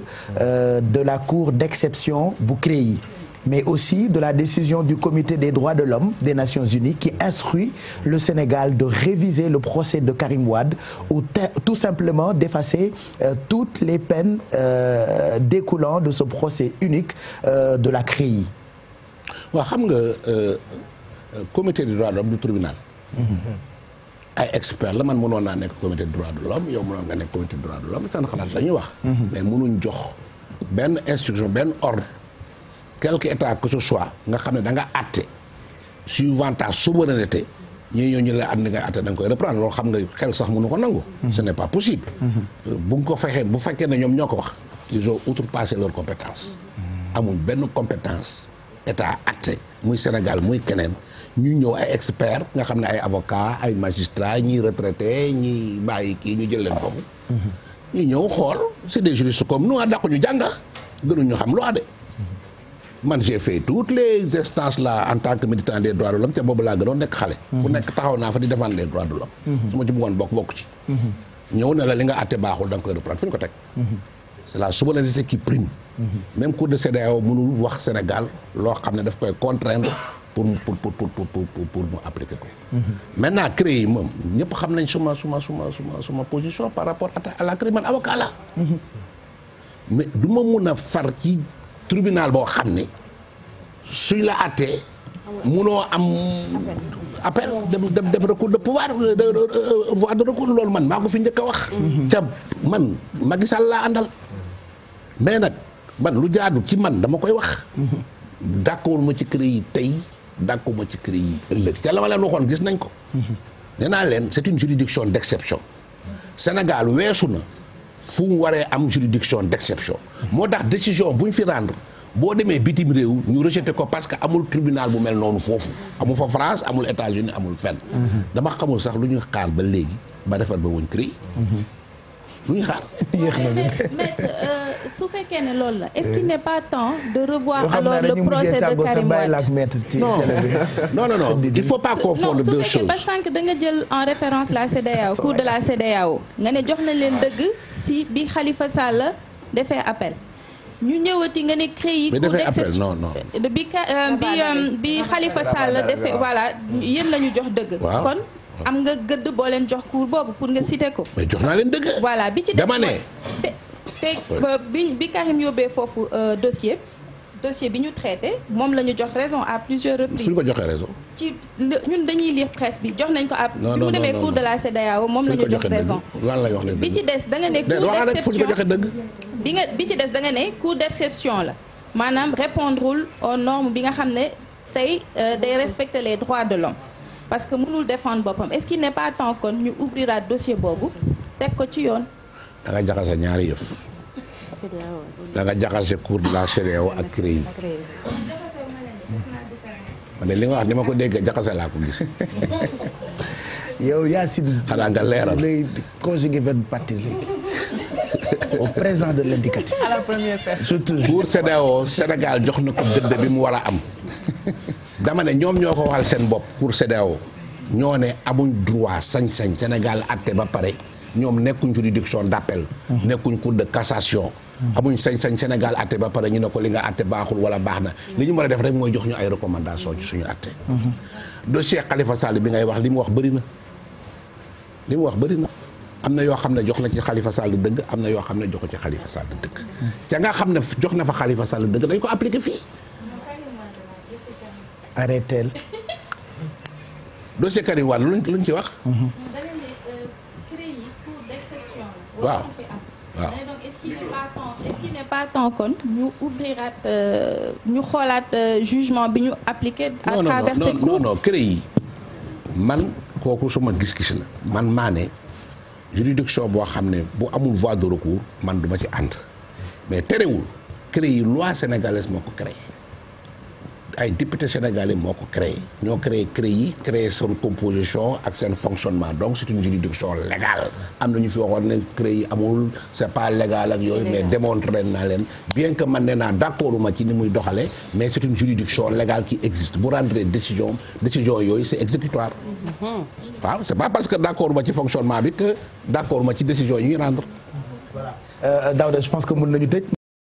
de la cour d'exception bu CREI yi mais aussi de la décision du Comité des droits de l'homme des Nations Unies qui instruit le Sénégal de réviser le procès de Karim Wade ou tout simplement d'effacer euh, toutes les peines euh, découlant de ce procès unique euh, de la CREI. waaw xam nga euh, comité des droits de l'homme du tribunal. ay expert la man mënoon naa nekk comité des droits de l'homme yow mënoon nga nekk comité des droits de l'homme seen xalaat la ñuy wax. Mhm. mais mënuñ jox benn instruction benn ordre. que état que ce soit nga xam ne danga nga àtte suivant ta souveraineté ñii ñoo ñu la at ni nga àtte da nga koy reprendre loolu xam nga xel sax mënu ko nangu. Mhm. ce n'est pas possible. Mhm. bu nga ko fexee bu fekkee ne ñoom ñoo ko wax. ils ont outrepassé leur compétence. Mhm. amuñ benn compétence état àtte muy Sénégal muy keneen ñu ñëw ay experts nga xam ne ay avocats ay magistrats ñiy retraité ñi bàyyi kii ñu jël leen foofu. ñu ñëw xool c'est des juristes comme nous ah dàqu ñu jànga xam loi man j'ai fait toutes les instances là en tant que militant de l'homme ca ma ci bëggoon bokk bokk la da nga koy reprendre fu ñu ko teg c'est la souveraineté qui prime même cour de CEDEAO mënul wax Sénégal loo xam ne daf koy contraindre pour pour pour pour pour pour mu appliquer ko. maintenant CREI moom ñëpp xam la mais du mun a far ci tribunal boo xam ne suñ la àttee munoo am appel dem dem dem recours de pouvoir euh, euh, voie de recours loolu man maa ko fi njëkk a wax. Mhm. ca man Macky Sall laa àndal. mais nag man lu jaadu ci man dama koy wax. Mhm. d'accord ma ci kër yi tey d'accord ma ci kër yi ëllëg ca la ma leen waxoon gis nañ ko. Mhm. nee naa leen c'est une juridiction d'exception Sénégal weesu na. fu mu waree am juridiction d'exception moo tax décision bu fi rendre boo demee bitim réew ñu rejeté ko parce que amul tribunal bu mel noonu foofu amul fa France amul États-Unis amul fenn mhm. dama xamul sax lu ñuy xaar ba léegi ba defar ba wuñ CREI mhm. buy ah. xaar mais mais euh, su fekkee ne loolu la est-ce qu'il pas temps de revoir alors le procès de Karim Wade [LAUGHS] non non il faut pas confondre deux choses ba sànq da jël en référence la CEDEAO cour de la CEDEAO nga ne jox nañ leen dëgg si bi Khalifa Sall defee appel ñu ñëwati nga ne CREI. cour d'exception bi euh, bi euh, bi Khalifa Sall defee voilà yéen la ñu jox dëgg kon. am nga gëdd boo leen jox cours boobu pour nga citer ko. mais jox naa leen dëgg. voilà bi ci dama ne te bi bi Karim yóbbee foofu euh, dossier dossier bi ñu traité moom la ñu jox raison à plusieurs reprises. suñu ko joxee raison. ci ñun dañuy lire presse bi jox nañ ko à. non non demee de la moom la ñu jox raison. lan la wax ne bi ci des da nga ne. cour d'exception bi nga bi ci des da nga ne cour d'exception la maanaam répondrul aux normes bi nga xam ne tey euh, day respecter les droits de l'homme parce que mënul défendre boppam est-ce qu'il n'est pas temps kon ñu ouvriraat dossier boobu teg ko ci yoon. da nga jaxase ñaari yëf. da nga jaxase de la CEDEAO ak CREI. ma ne li wax ni ma ko déggee jaxase laa ko gis. [LAUGHS] yow Yacine. xanaa nga leeral lay conjugué verbe partir léegi. au présent de l'indicatif. surtout cour Sénégal jox na ko gëdd bi mu war a am. [LAUGHS] dama ne ñoom ñoo ko waxal seen bopp pour CEDEAO ñoo ne amuñ droit sañ-sañ Sénégal atte ba pare ñoom nekkuñ juridiction d'appel. nekkuñ cour de cassation. amuñ sañ-sañ Sénégal atte ba pare ñu ne ko li nga atte baaxul wala baax na li ñu mën a def rek mooy jox ñu ay recommandation ci suñu atte. dossier xalifa Sall bi ngay wax li mu wax bëri na li mu wax bëri na. am na yoo xam ne jox na ci xalifa Sall dëgg am na yoo xam ne joxu ci Khalifa Sall dëgg. ca nga xam ne jox na fa Khalifa Sall dëgg dañ ko appliqué fii. arrêtel dossier Karim Wade luñ ci wax. Mm-hmm. Euh, waaw waaw est-ce qu'il n'est pas temps kon ñu ouvriraat euh, ñu xoolaat euh, jugement bi ñu appliqué. à travers non non non CREI man kooku suma gis-gis la man maane ne juridiction boo xam ne bu amul voie de recours man duma ci ànd mais terewul CREI loi sénégalaise moo ko créé. ay député sénégalais moo ko créé ñoo créé créé yi créé seen composition ak seen fonctionnement donc c' une juridiction légale am na ñu fi waxoon ne créé yi amul c' pas légal ak yooyu mais démontré naa leen bien que man nee naa d' ma ci ni muy doxalee mais c' une juridiction légale qui existe bu rendre décision décision yooyu c' exécutoire mm-hmm. waaw c' pas parce que d' accord ma ci fonctionnement bi que d' ci décision yi ñu rendre voilà euh, Daouda je pense